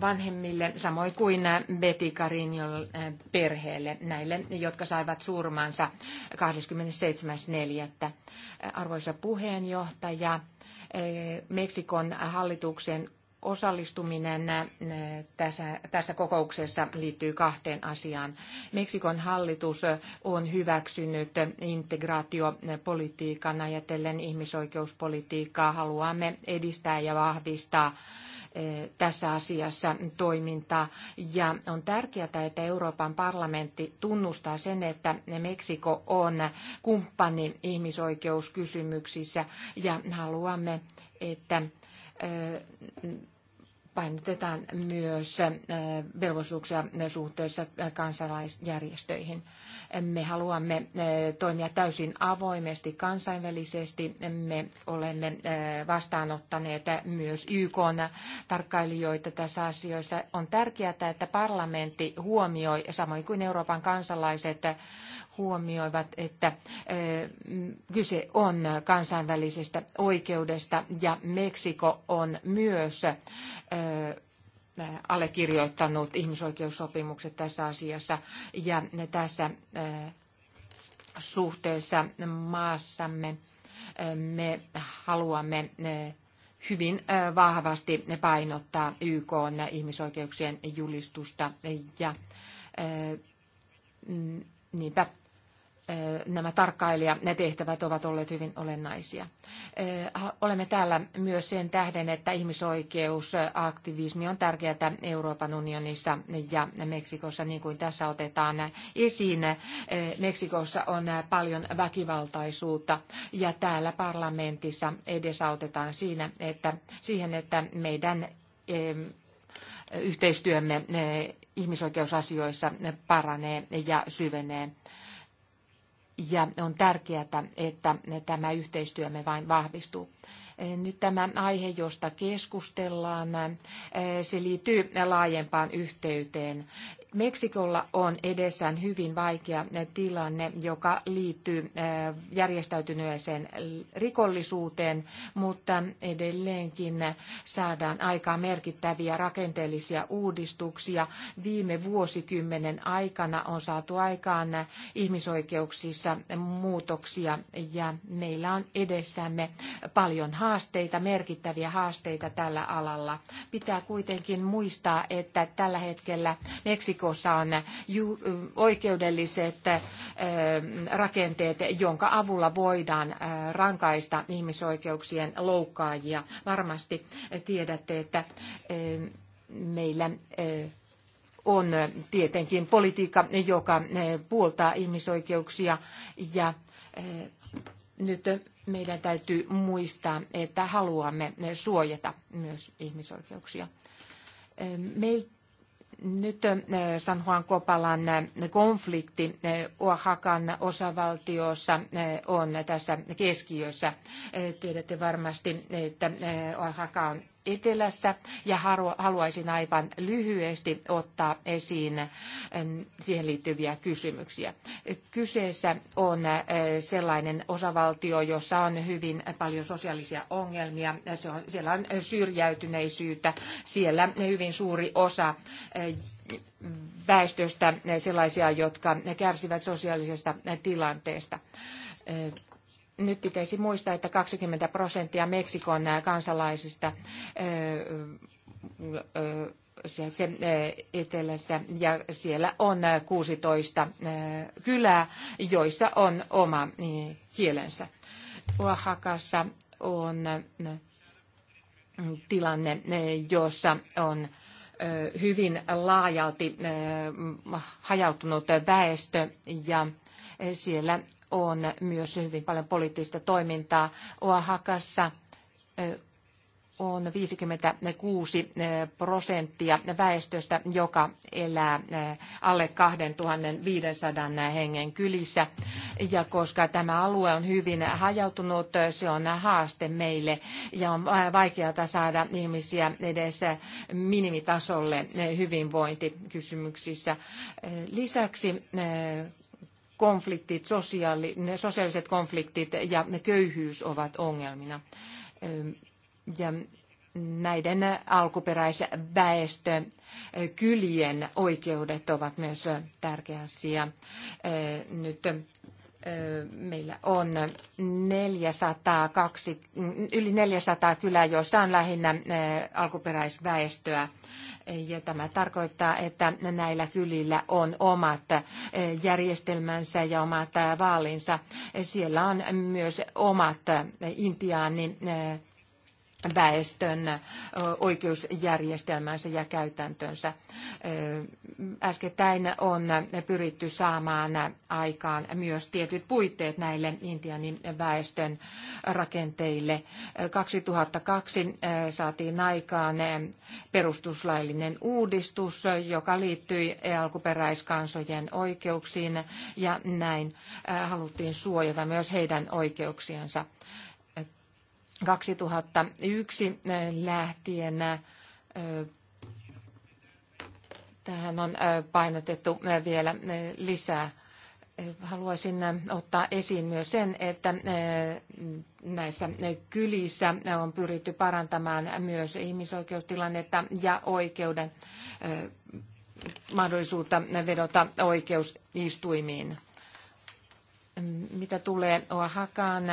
vanhemmille, samoin kuin äh, Betty Carinion äh, perheelle, näille, jotka saivat surmansa 27.4. Äh, arvoisa puheenjohtaja, Meksikon hallituksen osallistuminen tässä, tässä kokouksessa liittyy kahteen asiaan. Meksikon hallitus on hyväksynyt integraatiopolitiikan ajatellen ihmisoikeuspolitiikkaa. Haluamme edistää ja vahvistaa tässä asiassa toimintaa. Ja on tärkeää, että Euroopan parlamentti tunnustaa sen, että Meksiko on kumppani ihmisoikeuskysymyksissä ja haluamme, että painotetaan myös velvollisuuksia suhteessa kansalaisjärjestöihin. Me haluamme eh, toimia täysin avoimesti kansainvälisesti. Me olemme eh, vastaanottaneet myös YK tarkkailijoita tässä asioissa. On tärkeää, että parlamentti huomioi, samoin kuin Euroopan kansalaiset huomioivat, että eh, kyse on kansainvälisestä oikeudesta ja Meksiko on myös allekirjoittanut ihmisoikeussopimukset tässä asiassa ja tässä suhteessa maassamme me haluamme hyvin vahvasti painottaa YK ihmisoikeuksien julistusta ja niinpä nämä tehtävät ovat olleet hyvin olennaisia. Olemme täällä myös sen tähden, että ihmisoikeusaktivismi on tärkeää Euroopan unionissa ja Meksikossa, niin kuin tässä otetaan esiin. Meksikossa on paljon väkivaltaisuutta ja täällä parlamentissa edesautetaan siinä, että siihen, että meidän yhteistyömme ihmisoikeusasioissa paranee ja syvenee ja on tärkeää, että tämä yhteistyömme vain vahvistuu. Nyt tämä aihe, josta keskustellaan, se liittyy laajempaan yhteyteen Meksikolla on edessään hyvin vaikea eh, tilanne, joka liittyy eh, järjestäytyneeseen rikollisuuteen, mutta edelleenkin saadaan aikaan merkittäviä rakenteellisia uudistuksia. Viime vuosikymmenen aikana on saatu aikaan ihmisoikeuksissa muutoksia ja meillä on edessämme paljon haasteita, merkittäviä haasteita tällä alalla. Pitää kuitenkin muistaa, että tällä hetkellä Meksiko heikossa on oikeudelliset rakenteet, jonka avulla voidaan rankaista ihmisoikeuksien loukkaajia. Varmasti tiedätte, että meillä on tietenkin politiikka, joka puoltaa ihmisoikeuksia ja nyt meidän täytyy muistaa, että haluamme suojata myös ihmisoikeuksia. Nyt San Juan Kopalan konflikti Oaxacan osavaltiossa on tässä keskiössä. Tiedätte varmasti, että Oaxaca on etelässä ja haluaisin aivan lyhyesti ottaa esiin eh, siihen liittyviä kysymyksiä. Kyseessä on eh, sellainen osavaltio, jossa on hyvin paljon sosiaalisia ongelmia. Se on, siellä on syrjäytyneisyyttä, siellä hyvin suuri osa eh, väestöstä sellaisia, jotka kärsivät sosiaalisesta tilanteesta nyt pitäisi muistaa, että 20 prosenttia Meksikon kansalaisista se etelässä ja siellä on 16 kylää, joissa on oma kielensä. Oaxacassa on tilanne, jossa on hyvin laajalti hajautunut väestö ja siellä on myös hyvin paljon poliittista toimintaa. Oahakassa on 56 prosenttia väestöstä, joka elää alle 2500 hengen kylissä. Ja koska tämä alue on hyvin hajautunut, se on haaste meille ja on vaikeaa saada ihmisiä edes minimitasolle hyvinvointikysymyksissä. Lisäksi konfliktit, sosiaali, sosiaaliset konfliktit ja köyhyys ovat ongelmina. Ja näiden alkuperäisväestön kylien oikeudet ovat myös tärkeä asia. Nyt meillä on 402, yli 400 kylää, joissa on lähinnä alkuperäisväestöä. Ja tämä tarkoittaa, että näillä kylillä on omat järjestelmänsä ja omat vaalinsa. Siellä on myös omat intiaanin väestön oikeusjärjestelmänsä ja käytäntönsä. Äskettäin on pyritty saamaan aikaan myös tietyt puitteet näille Intianin väestön rakenteille. 2002 saatiin aikaan perustuslaillinen uudistus, joka liittyi alkuperäiskansojen oikeuksiin ja näin haluttiin suojata myös heidän oikeuksiansa. 2001 äh, lähtien äh, tähän on äh, painotettu vielä lisää. Haluaisin ottaa esiin myös sen, että näissä kylissä on pyritty parantamaan myös ihmisoikeustilannetta ja oikeuden mahdollisuutta vedota oikeusistuimiin. Mitä tulee Oaxacaan,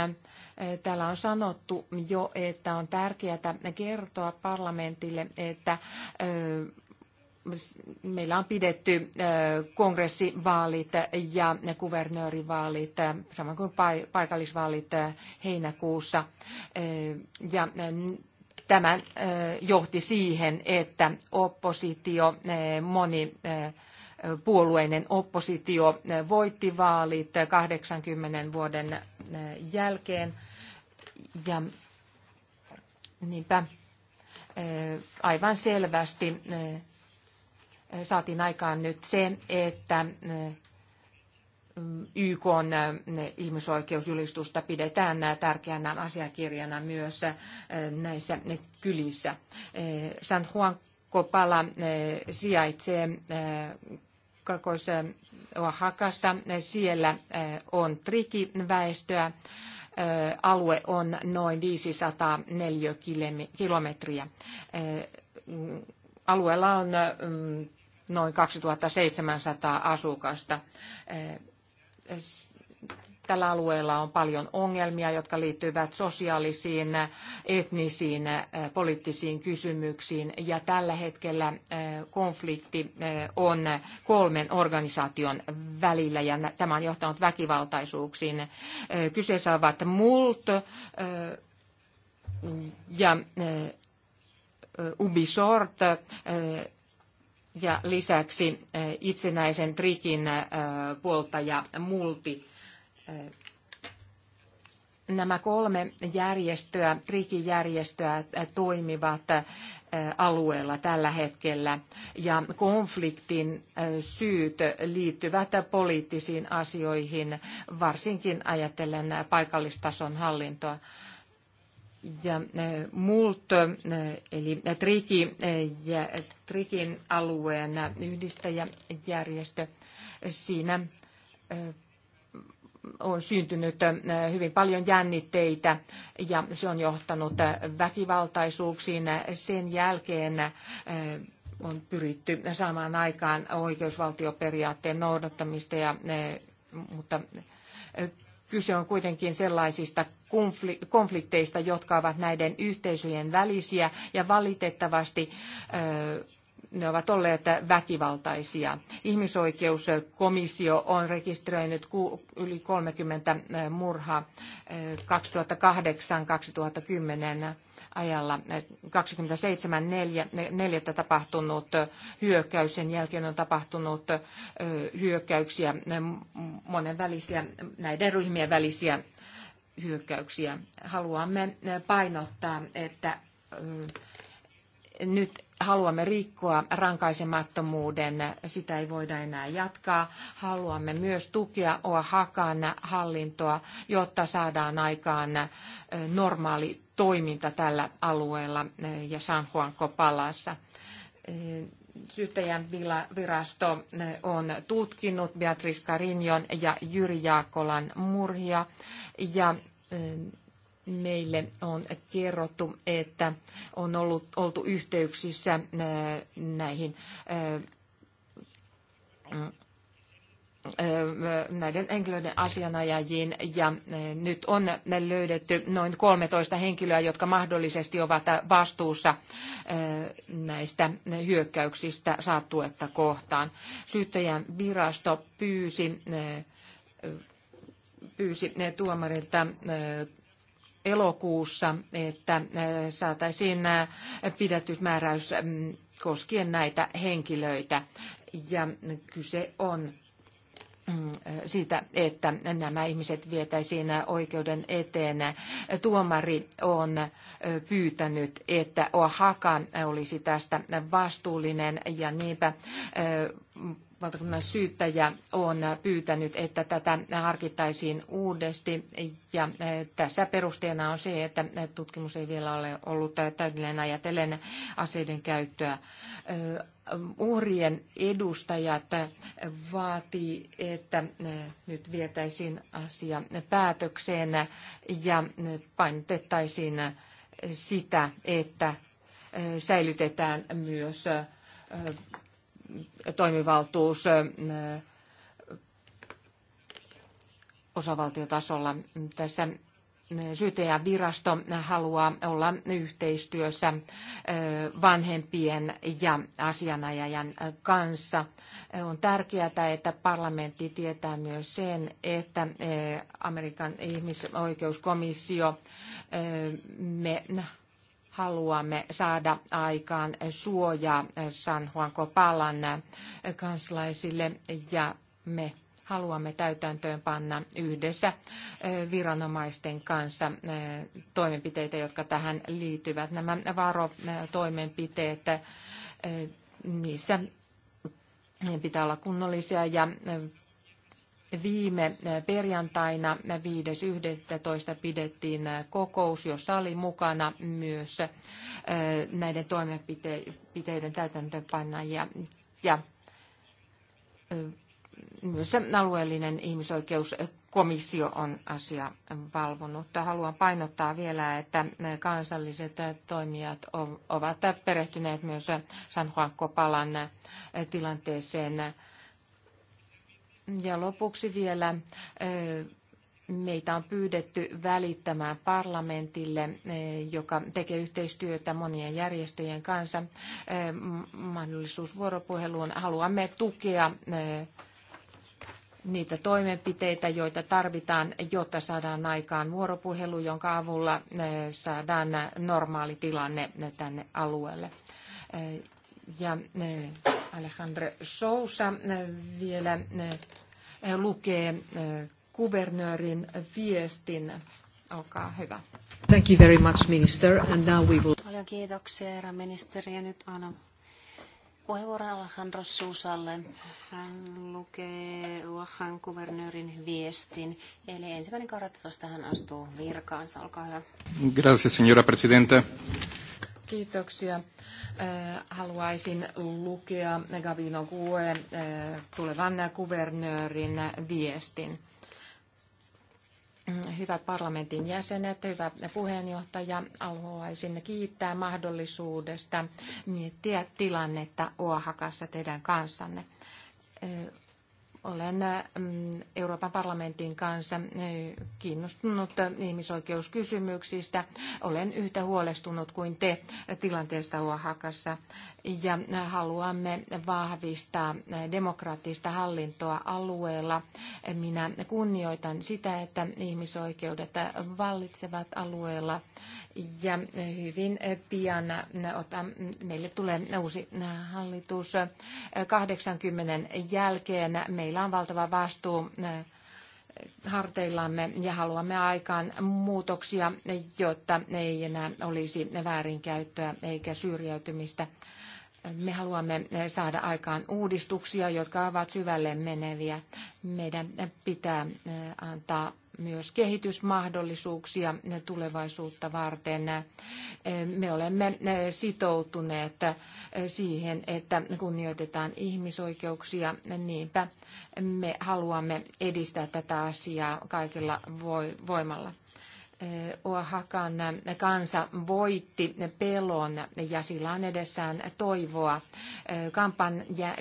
täällä on sanottu jo, että on tärkeää kertoa parlamentille, että meillä on pidetty kongressivaalit ja kuvernöörivaalit, samoin kuin paikallisvaalit heinäkuussa. Ja tämä johti siihen, että oppositio, moni puolueinen oppositio voitti vaalit 80 vuoden eh, jälkeen. Ja niinpä eh, aivan selvästi eh, saatiin aikaan nyt se, että YK ihmisoikeusjulistusta pidetään tärkeänä asiakirjana myös näissä kylissä. San Juan Kopala sijaitsee kakos Oaxacassa. Siellä eh, on trikiväestöä. Eh, alue on noin 500 neliökilometriä. Eh, alueella on mm, noin 2700 asukasta Tällä alueella on paljon ongelmia, jotka liittyvät sosiaalisiin, etnisiin, äh, poliittisiin kysymyksiin. Ja tällä hetkellä äh, konflikti äh, on kolmen organisaation välillä ja tämä on johtanut väkivaltaisuuksiin. Kyseessä ovat MULT ja Ubisort ja lisäksi itsenäisen trikin ja Multi nämä kolme järjestöä, järjestöä toimivat alueella tällä hetkellä ja konfliktin syyt liittyvät poliittisiin asioihin, varsinkin ajatellen paikallistason hallintoa. Ja MULT, eli Triki, ja Trikin alueen yhdistäjäjärjestö, siinä on syntynyt äh, hyvin paljon jännitteitä ja se on johtanut väkivaltaisuuksiin. Sen jälkeen äh, on pyritty saamaan aikaan oikeusvaltioperiaatteen noudattamista, ja, äh, mutta kyse on kuitenkin sellaisista konflikteista, jotka ovat näiden yhteisöjen välisiä ja valitettavasti ne ovat olleet väkivaltaisia. Ihmisoikeuskomissio on rekisteröinyt yli 30 murhaa 2008-2010 ajalla. 27.4. tapahtunut hyökkäys, sen jälkeen on tapahtunut hyökkäyksiä, monenvälisiä, näiden ryhmien välisiä hyökkäyksiä. Haluamme painottaa, että nyt haluamme rikkoa rankaisemattomuuden, sitä ei voida enää jatkaa. Haluamme myös tukea Oahakan hallintoa, jotta saadaan aikaan normaali toiminta tällä alueella ja San Juan Copalassa. Syyttäjän virasto on tutkinut Beatrice Carinjon ja Jyri Jaakolan murhia ja meille on kerrottu, että on ollut, oltu yhteyksissä äh, näihin äh, äh, näiden henkilöiden asianajajiin ja nyt on löydetty noin 13 henkilöä, jotka mahdollisesti ovat vastuussa näistä hyökkäyksistä saattuetta kohtaan. Syyttäjän virasto pyysi, pyysi tuomarilta elokuussa, että äh, saataisiin äh, pidätysmääräys mm, koskien näitä henkilöitä. Ja kyse on mm, äh, siitä, että nämä ihmiset vietäisiin oikeuden eteen. Tuomari on pyytänyt, että Oaxaca olisi tästä vastuullinen ja niinpä valtakunnan syyttäjä on pyytänyt, että tätä harkittaisiin uudesti. Ja eh, tässä perusteena on se, että tutkimus ei vielä ole ollut täydellinen ajatellen aseiden käyttöä. Eh, uhrien edustajat vaatii, että eh, nyt vietäisiin asia päätökseen ja painotettaisiin sitä, että säilytetään myös toimivaltuus osavaltiotasolla. Tässä syyttäjävirasto haluaa olla yhteistyössä vanhempien ja asianajajan kanssa. On tärkeää, että parlamentti tietää myös sen, että Amerikan ihmisoikeuskomissio me haluamme saada aikaan suojaa San Juan Copalan kansalaisille ja me haluamme täytäntöön panna yhdessä eh, viranomaisten kanssa eh, toimenpiteitä, jotka tähän liittyvät. Nämä varotoimenpiteet, eh, niissä pitää olla kunnollisia ja Viime eh, perjantaina 5.11. pidettiin eh, kokous, jossa oli mukana myös eh, näiden toimenpiteiden täytäntöönpanajia ja myös alueellinen ihmisoikeuskomissio on asia valvonut. Haluan painottaa vielä, että kansalliset toimijat ovat perehtyneet myös San Juan Copalan tilanteeseen ja lopuksi vielä meitä on pyydetty välittämään parlamentille, joka tekee yhteistyötä monien järjestöjen kanssa, mahdollisuus vuoropuheluun. Haluamme tukea niitä toimenpiteitä, joita tarvitaan, jotta saadaan aikaan vuoropuhelu, jonka avulla saadaan normaali tilanne tänne alueelle. Ja Alejandro Sousa äh, vielä äh, lukee äh, kuvernöörin viestin. Olkaa hyvä. Thank you very much, minister. And now we will... Paljon kiitoksia, herra ministeri. Ja nyt annan puheenvuoron Alejandro Susalle. Hän lukee Oaxan kuvernöörin viestin. Eli ensimmäinen 12. hän astuu virkaansa. Olkaa hyvä. Gracias, señora presidenta. Kiitoksia. Äh, haluaisin lukea Gavino Gue äh, tulevan kuvernöörin viestin. Hyvät parlamentin jäsenet, hyvä puheenjohtaja, haluaisin kiittää mahdollisuudesta miettiä tilannetta Oahakassa teidän kanssanne äh, olen äh, mm, Euroopan parlamentin kanssa äh, kiinnostunut äh, ihmisoikeuskysymyksistä. Olen yhtä huolestunut kuin te tilanteesta Oaxakassa ja haluamme vahvistaa demokraattista hallintoa alueella. Minä kunnioitan sitä, että ihmisoikeudet vallitsevat alueella ja hyvin pian mm, meille tulee uusi hallitus 80 jälkeen. Meillä Meillä on valtava vastuu harteillamme ja haluamme aikaan muutoksia, jotta ei enää olisi väärinkäyttöä eikä syrjäytymistä. Me haluamme saada aikaan uudistuksia, jotka ovat syvälle meneviä. Meidän pitää antaa myös kehitysmahdollisuuksia tulevaisuutta varten. Me olemme sitoutuneet siihen, että kunnioitetaan ihmisoikeuksia. Niinpä me haluamme edistää tätä asiaa kaikilla voimalla. Eh, Oahakan kansa voitti pelon ja sillä on edessään toivoa. Eh,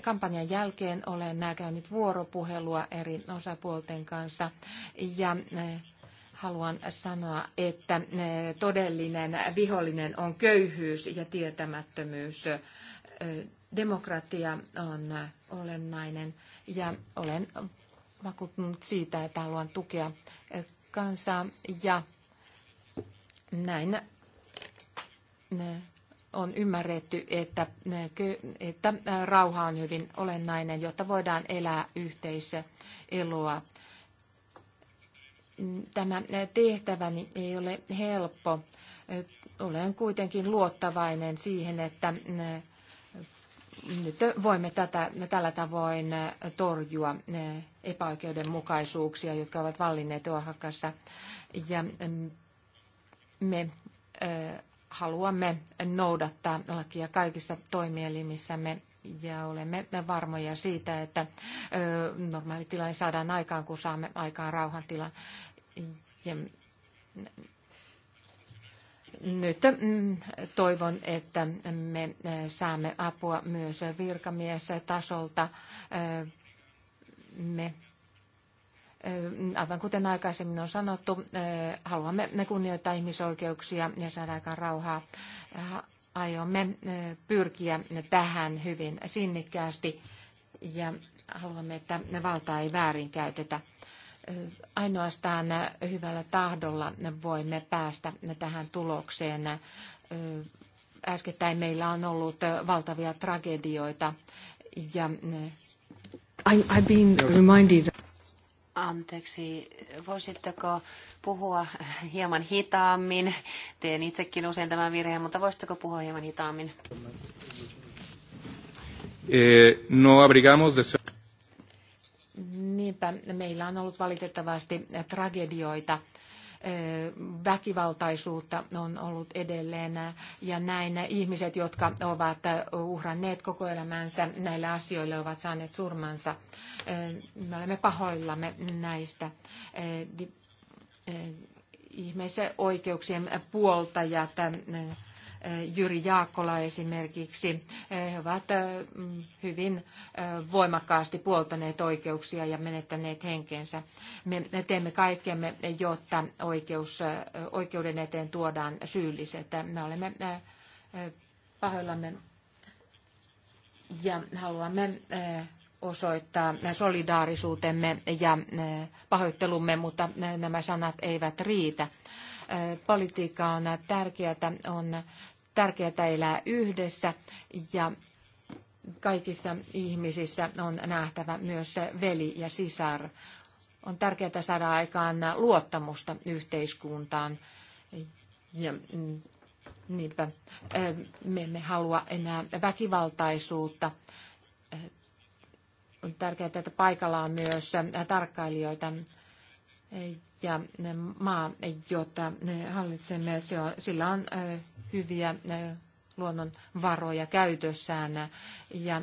kampanjan jälkeen olen käynyt vuoropuhelua eri osapuolten kanssa ja eh, haluan sanoa, että todellinen vihollinen on köyhyys ja tietämättömyys. Demokratia on olennainen ja olen vakuuttunut siitä, että haluan tukea kansaa ja näin on ymmärretty, että, että rauha on hyvin olennainen, jotta voidaan elää eloa. Tämä tehtäväni ei ole helppo. Olen kuitenkin luottavainen siihen, että nyt voimme tätä, tällä tavoin torjua epäoikeudenmukaisuuksia, jotka ovat vallinneet Oaxacassa. Ja me haluamme noudattaa lakia kaikissa toimielimissämme ja olemme varmoja siitä, että normaali tilanne saadaan aikaan, kun saamme aikaan rauhantilan. Ja nyt mm, toivon, että me saamme apua myös virkamiestasolta. Me Aivan kuten aikaisemmin on sanottu, haluamme kunnioittaa ihmisoikeuksia ja saada aikaan rauhaa. Aiomme pyrkiä tähän hyvin sinnikkäästi ja haluamme, että valtaa ei väärinkäytetä. Ainoastaan hyvällä tahdolla voimme päästä tähän tulokseen. Äskettäin meillä on ollut valtavia tragedioita ja I, I've been reminded Anteeksi, voisitteko puhua hieman hitaammin? Teen itsekin usein tämän virheen, mutta voisitteko puhua hieman hitaammin? Eh, no abrigamos de... Niinpä, meillä on ollut valitettavasti tragedioita väkivaltaisuutta on ollut edelleen ja näin ihmiset, jotka ovat uhranneet koko elämänsä näille asioille, ovat saaneet surmansa. Me olemme pahoillamme näistä ihmisoikeuksien puoltajat Eh, Jyri Jaakola esimerkiksi, eh, he ovat eh, mm, hyvin voimakkaasti puoltaneet oikeuksia ja menettäneet henkensä. Me teemme kaikkemme, jotta oikeus, oikeuden eteen tuodaan syylliset. Me olemme pahoillamme ja haluamme osoittaa solidaarisuutemme ja pahoittelumme, mutta nämä sanat eivät riitä. Politiikka on tärkeää, on tärkeää elää yhdessä ja kaikissa ihmisissä on nähtävä myös veli ja sisar. On tärkeää saada aikaan luottamusta yhteiskuntaan. Ja, mm, niinpä, eh, me emme halua enää väkivaltaisuutta. Eh, on tärkeää, että paikalla on myös eh, tarkkailijoita ja maa, jota hallitsemme, se on, sillä on hyviä luonnonvaroja käytössään ja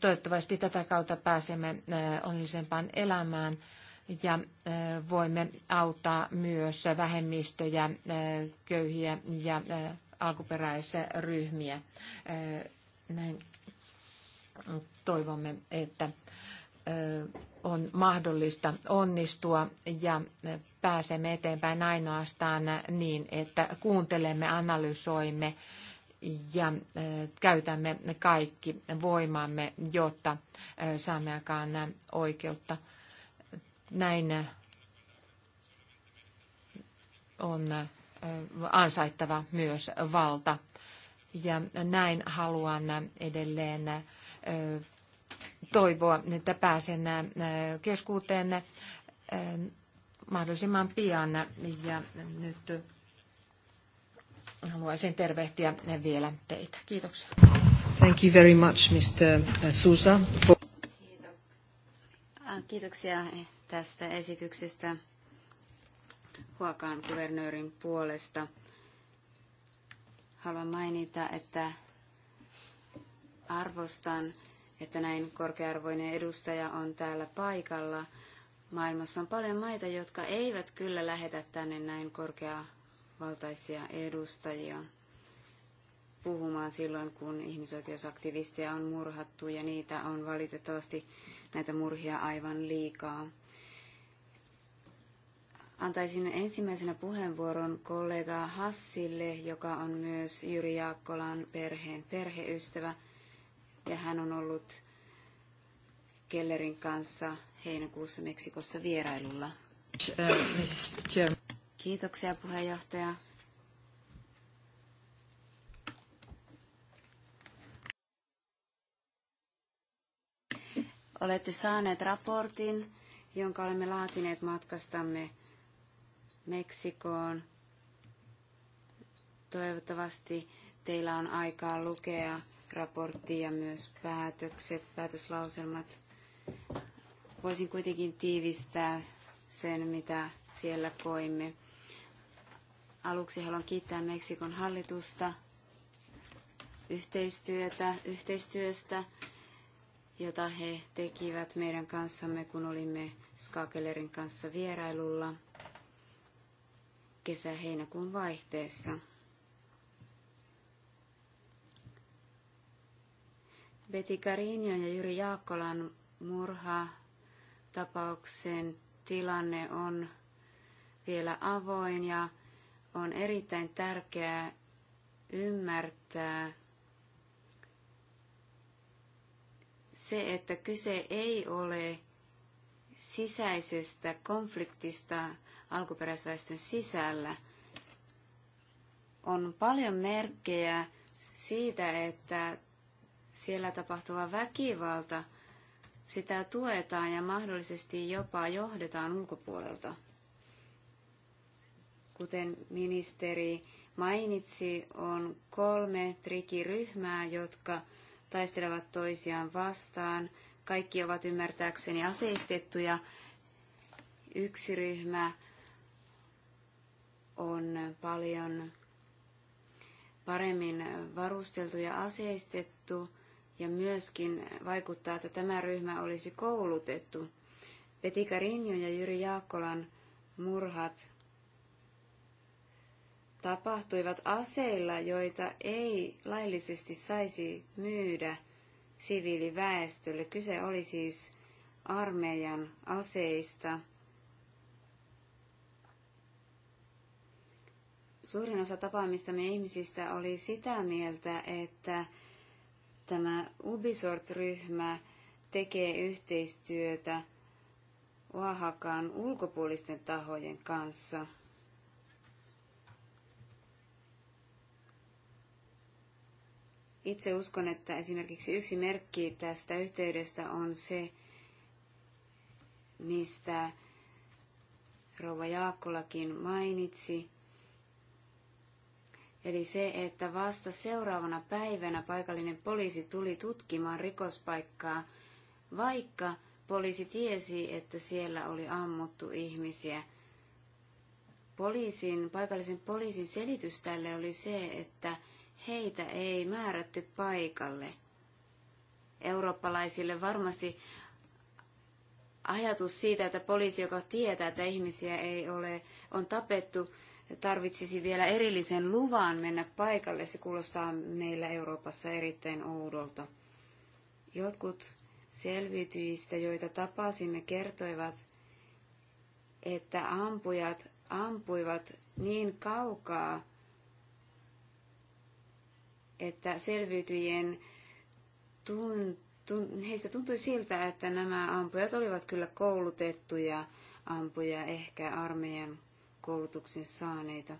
toivottavasti tätä kautta pääsemme onnellisempaan elämään ja voimme auttaa myös vähemmistöjä, köyhiä ja alkuperäisiä ryhmiä. Näin toivomme, että on mahdollista onnistua ja pääsemme eteenpäin ainoastaan niin, että kuuntelemme, analysoimme ja käytämme kaikki voimamme, jotta saamme aikaan oikeutta. Näin on ansaittava myös valta. Ja näin haluan edelleen toivoa, että pääsen keskuuteen mahdollisimman pian. Ja nyt haluaisin tervehtiä vielä teitä. Kiitoksia. Thank you very much, Mr. Uh, Sousa. Kiitoksia eh, tästä esityksestä Huokaan kuvernöörin puolesta. Haluan mainita, että arvostan, että näin korkearvoinen edustaja on täällä paikalla – Maailmassa on paljon maita, jotka eivät kyllä lähetä tänne näin korkeavaltaisia edustajia puhumaan silloin, kun ihmisoikeusaktivisteja on murhattu ja niitä on valitettavasti näitä murhia aivan liikaa. Antaisin ensimmäisenä puheenvuoron kollega Hassille, joka on myös Jyri Jaakkolan perheen perheystävä. Ja hän on ollut Kellerin kanssa heinäkuussa Meksikossa vierailulla. Kiitoksia puheenjohtaja. Olette saaneet raportin, jonka olemme laatineet matkastamme Meksikoon. Toivottavasti teillä on aikaa lukea raportti ja myös päätökset, päätöslauselmat voisin kuitenkin tiivistää sen, mitä siellä koimme. Aluksi haluan kiittää Meksikon hallitusta yhteistyötä, yhteistyöstä, jota he tekivät meidän kanssamme, kun olimme Skakelerin kanssa vierailulla kesä-heinäkuun vaihteessa. Betty Carinion ja Jyri Jaakkolan murha tapauksen tilanne on vielä avoin ja on erittäin tärkeää ymmärtää se, että kyse ei ole sisäisestä konfliktista alkuperäisväestön sisällä. On paljon merkkejä siitä, että siellä tapahtuva väkivalta – sitä tuetaan ja mahdollisesti jopa johdetaan ulkopuolelta. Kuten ministeri mainitsi, on kolme trikiryhmää, jotka taistelevat toisiaan vastaan. Kaikki ovat ymmärtääkseni aseistettuja. Yksi ryhmä on paljon paremmin varusteltu ja aseistettu ja myöskin vaikuttaa, että tämä ryhmä olisi koulutettu. Peti Karinjon ja Jyri Jaakkolan murhat tapahtuivat aseilla, joita ei laillisesti saisi myydä siviiliväestölle. Kyse oli siis armeijan aseista. Suurin osa tapaamistamme ihmisistä oli sitä mieltä, että Tämä Ubisoft-ryhmä tekee yhteistyötä Oahakaan ulkopuolisten tahojen kanssa. Itse uskon, että esimerkiksi yksi merkki tästä yhteydestä on se, mistä rouva Jaakkolakin mainitsi, Eli se, että vasta seuraavana päivänä paikallinen poliisi tuli tutkimaan rikospaikkaa, vaikka poliisi tiesi, että siellä oli ammuttu ihmisiä. Poliisin, paikallisen poliisin selitys tälle oli se, että heitä ei määrätty paikalle. Eurooppalaisille varmasti ajatus siitä, että poliisi, joka tietää, että ihmisiä ei ole, on tapettu, tarvitsisi vielä erillisen luvan mennä paikalle. Se kuulostaa meillä Euroopassa erittäin oudolta. Jotkut selviytyjistä, joita tapasimme, kertoivat, että ampujat ampuivat niin kaukaa, että selviytyjien tun, tun, heistä tuntui siltä, että nämä ampujat olivat kyllä koulutettuja ampuja ehkä armeijan koulutuksen saaneita.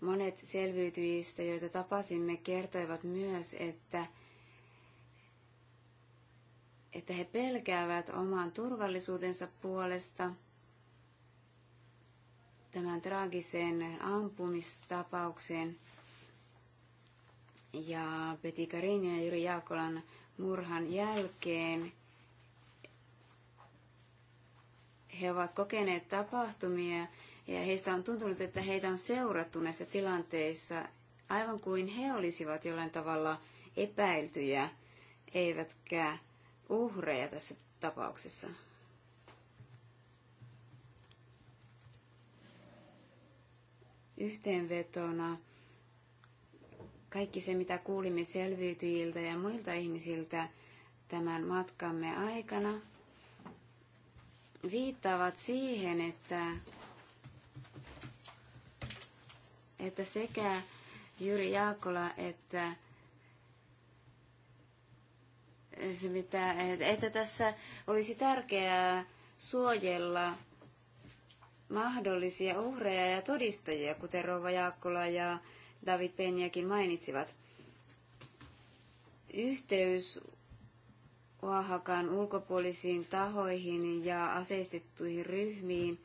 Monet selviytyjistä, joita tapasimme, kertoivat myös, että, että he pelkäävät oman turvallisuutensa puolesta tämän traagiseen ampumistapauksen ja Peti Karin ja Jyri Jaakolan murhan jälkeen he ovat kokeneet tapahtumia ja heistä on tuntunut, että heitä on seurattu näissä tilanteissa aivan kuin he olisivat jollain tavalla epäiltyjä, eivätkä uhreja tässä tapauksessa. Yhteenvetona kaikki se, mitä kuulimme selviytyjiltä ja muilta ihmisiltä tämän matkamme aikana – viittaavat siihen, että, että sekä Jyri Jaakola että se mitä, että tässä olisi tärkeää suojella mahdollisia uhreja ja todistajia, kuten Rova Jaakkola ja David Penjakin mainitsivat. Yhteys Oahakan ulkopuolisiin tahoihin ja aseistettuihin ryhmiin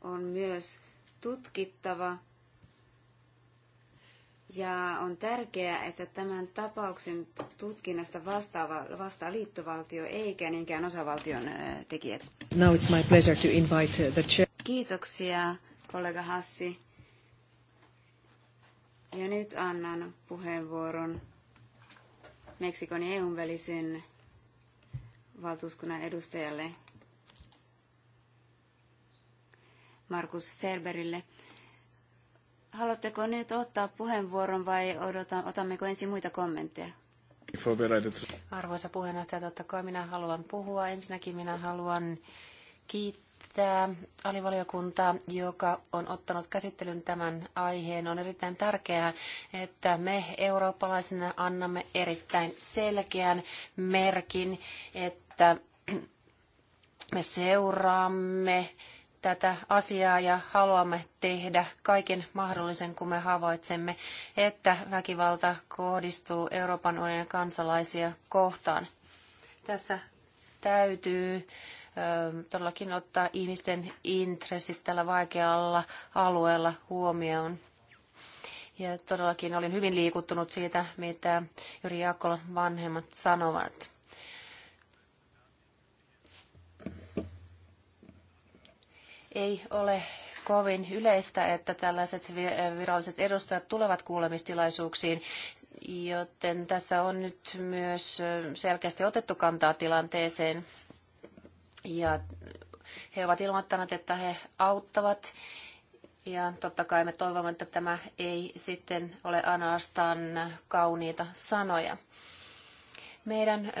on myös tutkittava. Ja on tärkeää, että tämän tapauksen tutkinnasta vastaava, vastaa liittovaltio eikä niinkään osavaltion tekijät. Now it's my pleasure to invite uh, the chair. Kiitoksia, kollega Hassi. Ja nyt annan puheenvuoron Meksikon ja EUn välisen valtuuskunnan edustajalle Markus Ferberille. Haluatteko nyt ottaa puheenvuoron vai odotan, otammeko ensin muita kommentteja? Arvoisa puheenjohtaja, totta kai minä haluan puhua. Ensinnäkin minä haluan kiittää tämä alivaliokunta, joka on ottanut käsittelyn tämän aiheen, on erittäin tärkeää, että me eurooppalaisina annamme erittäin selkeän merkin, että me seuraamme tätä asiaa ja haluamme tehdä kaiken mahdollisen, kun me havaitsemme, että väkivalta kohdistuu Euroopan unionin kansalaisia kohtaan. Tässä täytyy todellakin ottaa ihmisten intressit tällä vaikealla alueella huomioon. Ja todellakin olin hyvin liikuttunut siitä, mitä Juri Jaakolan vanhemmat sanovat. Ei ole kovin yleistä, että tällaiset viralliset edustajat tulevat kuulemistilaisuuksiin, joten tässä on nyt myös selkeästi otettu kantaa tilanteeseen. Ja he ovat ilmoittaneet, että he auttavat. Ja totta kai me toivomme, että tämä ei sitten ole ainoastaan kauniita sanoja. Meidän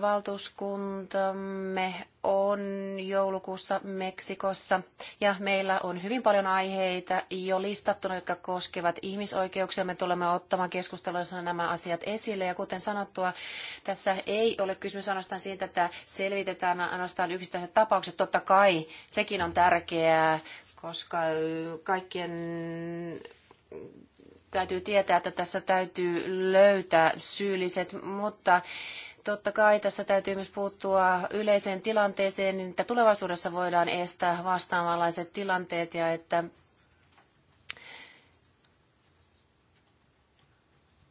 valtuuskuntamme on joulukuussa Meksikossa ja meillä on hyvin paljon aiheita jo listattuna, jotka koskevat ihmisoikeuksia. Me tulemme ottamaan keskustelussa nämä asiat esille ja kuten sanottua, tässä ei ole kysymys ainoastaan siitä, että selvitetään ainoastaan yksittäiset tapaukset. Totta kai sekin on tärkeää, koska kaikkien täytyy tietää, että tässä täytyy löytää syylliset, mutta totta kai tässä täytyy myös puuttua yleiseen tilanteeseen, niin että tulevaisuudessa voidaan estää vastaavanlaiset tilanteet ja että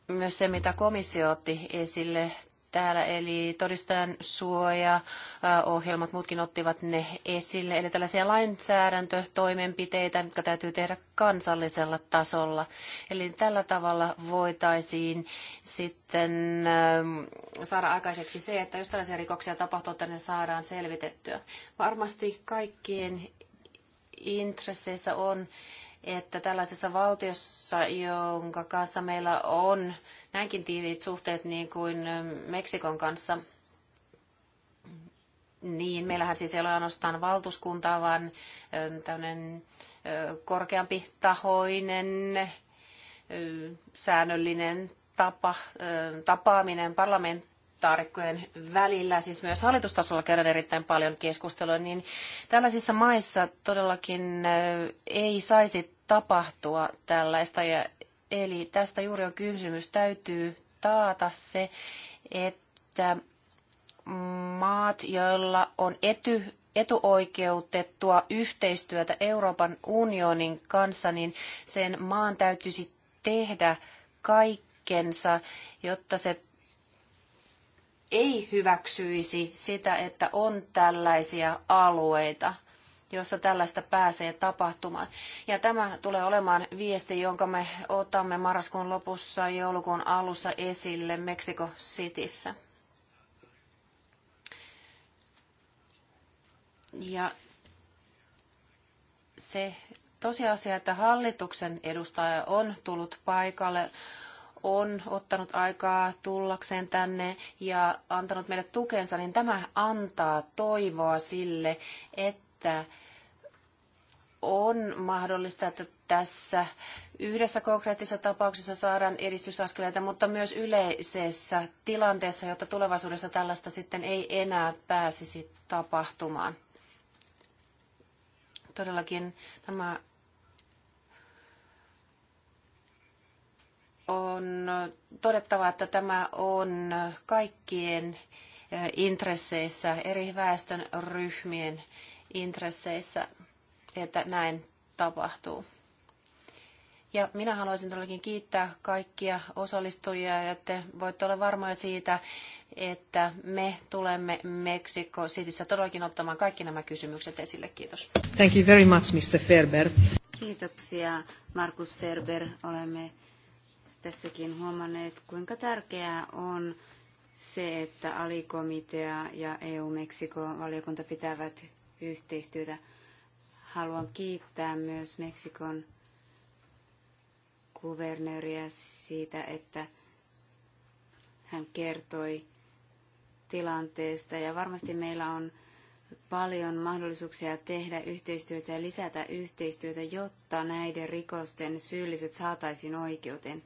myös se, mitä komissio otti esille täällä, eli todistajan suoja, ohjelmat, muutkin ottivat ne esille. Eli tällaisia lainsäädäntötoimenpiteitä, jotka täytyy tehdä kansallisella tasolla. Eli tällä tavalla voitaisiin sitten saada aikaiseksi se, että jos tällaisia rikoksia tapahtuu, että ne saadaan selvitettyä. Varmasti kaikkien intresseissä on, että tällaisessa valtiossa, jonka kanssa meillä on näinkin tiiviit suhteet niin kuin Meksikon kanssa, niin meillähän siis ei ole ainoastaan valtuuskuntaa, vaan tämmöinen korkeampi tahoinen säännöllinen tapa, tapaaminen taarikkojen välillä, siis myös hallitustasolla käydään erittäin paljon keskustelua, niin tällaisissa maissa todellakin ei saisi tapahtua tällaista ja Eli tästä juuri on kysymys. Täytyy taata se, että maat, joilla on ety, etuoikeutettua yhteistyötä Euroopan unionin kanssa, niin sen maan täytyisi tehdä kaikkensa, jotta se ei hyväksyisi sitä, että on tällaisia alueita jossa tällaista pääsee tapahtumaan. Ja tämä tulee olemaan viesti, jonka me otamme marraskuun lopussa joulukuun alussa esille Meksiko Cityssä. Ja se tosiasia, että hallituksen edustaja on tullut paikalle, on ottanut aikaa tullakseen tänne ja antanut meille tukensa, niin tämä antaa toivoa sille, että on mahdollista, että tässä yhdessä konkreettisessa tapauksessa saadaan edistysaskeleita, mutta myös yleisessä tilanteessa, jotta tulevaisuudessa tällaista sitten ei enää pääsisi tapahtumaan. Todellakin tämä on todettava, että tämä on kaikkien eh, intresseissä, eri väestön ryhmien intresseissä että näin tapahtuu. Ja minä haluaisin todellakin kiittää kaikkia osallistujia, ja te voitte olla varmoja siitä, että me tulemme Meksiko Cityssä todellakin ottamaan kaikki nämä kysymykset esille. Kiitos. Thank you very much, Mr. Ferber. Kiitoksia, Markus Ferber. Olemme tässäkin huomanneet, kuinka tärkeää on se, että alikomitea ja EU-Meksiko-valiokunta pitävät yhteistyötä Haluan kiittää myös Meksikon kuvernööriä siitä, että hän kertoi tilanteesta. Ja varmasti meillä on paljon mahdollisuuksia tehdä yhteistyötä ja lisätä yhteistyötä, jotta näiden rikosten syylliset saataisiin oikeuteen.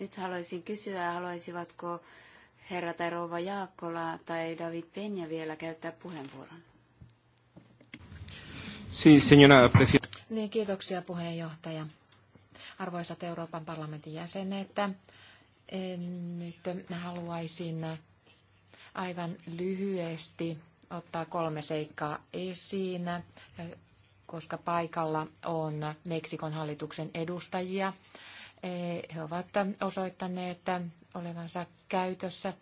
Nyt haluaisin kysyä, haluaisivatko herra tai rouva Jaakkola tai David Penja vielä käyttää puheenvuoron? Siis, Niin, kiitoksia puheenjohtaja. Arvoisat Euroopan parlamentin jäsenet, nyt haluaisin aivan lyhyesti ottaa kolme seikkaa esiin, koska paikalla on Meksikon hallituksen edustajia. He ovat osoittaneet olevansa käytössä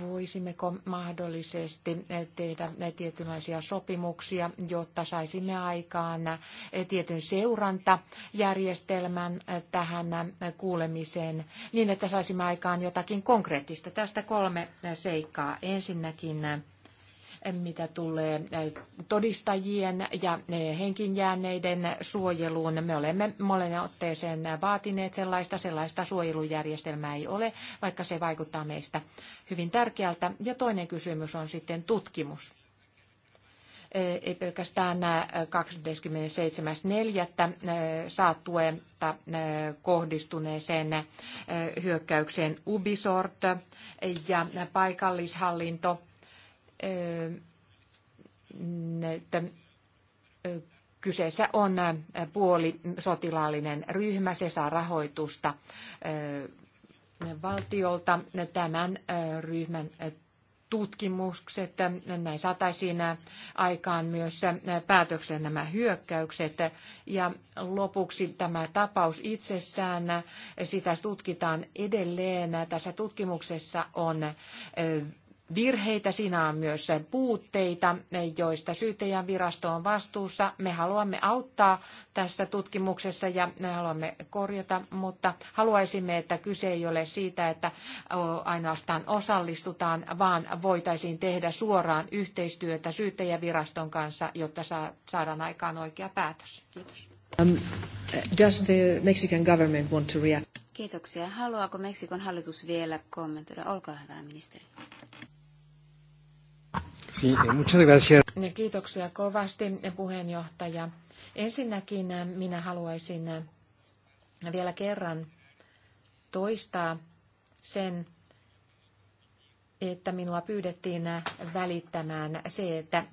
voisimmeko mahdollisesti tehdä tietynlaisia sopimuksia, jotta saisimme aikaan tietyn seurantajärjestelmän tähän kuulemiseen, niin että saisimme aikaan jotakin konkreettista. Tästä kolme seikkaa. Ensinnäkin mitä tulee eh, todistajien ja eh, henkinjääneiden suojeluun. Me olemme molemmat otteeseen vaatineet sellaista. Sellaista suojelujärjestelmää ei ole, vaikka se vaikuttaa meistä hyvin tärkeältä. Ja toinen kysymys on sitten tutkimus eh, ei pelkästään 27.4. saattueelta kohdistuneeseen hyökkäykseen Ubisoft ja paikallishallinto että kyseessä on puoli sotilaallinen ryhmä, se saa rahoitusta valtiolta tämän ryhmän tutkimukset, näin saataisiin aikaan myös päätöksen nämä hyökkäykset. Ja lopuksi tämä tapaus itsessään, sitä tutkitaan edelleen. Tässä tutkimuksessa on virheitä, siinä on myös puutteita, joista syyttäjän virasto on vastuussa. Me haluamme auttaa tässä tutkimuksessa ja me haluamme korjata, mutta haluaisimme, että kyse ei ole siitä, että ainoastaan osallistutaan, vaan voitaisiin tehdä suoraan yhteistyötä viraston kanssa, jotta saadaan aikaan oikea päätös. Kiitos. Um, does the Mexican government want to react? Kiitoksia. Haluaako Meksikon hallitus vielä kommentoida? Olkaa hyvä, ministeri. Sí, eh, muchas gracias. Kiitoksia kovasti eh, puheenjohtaja. Ensinnäkin eh, minä haluaisin vielä kerran toistaa sen, että minua pyydettiin välittämään se, että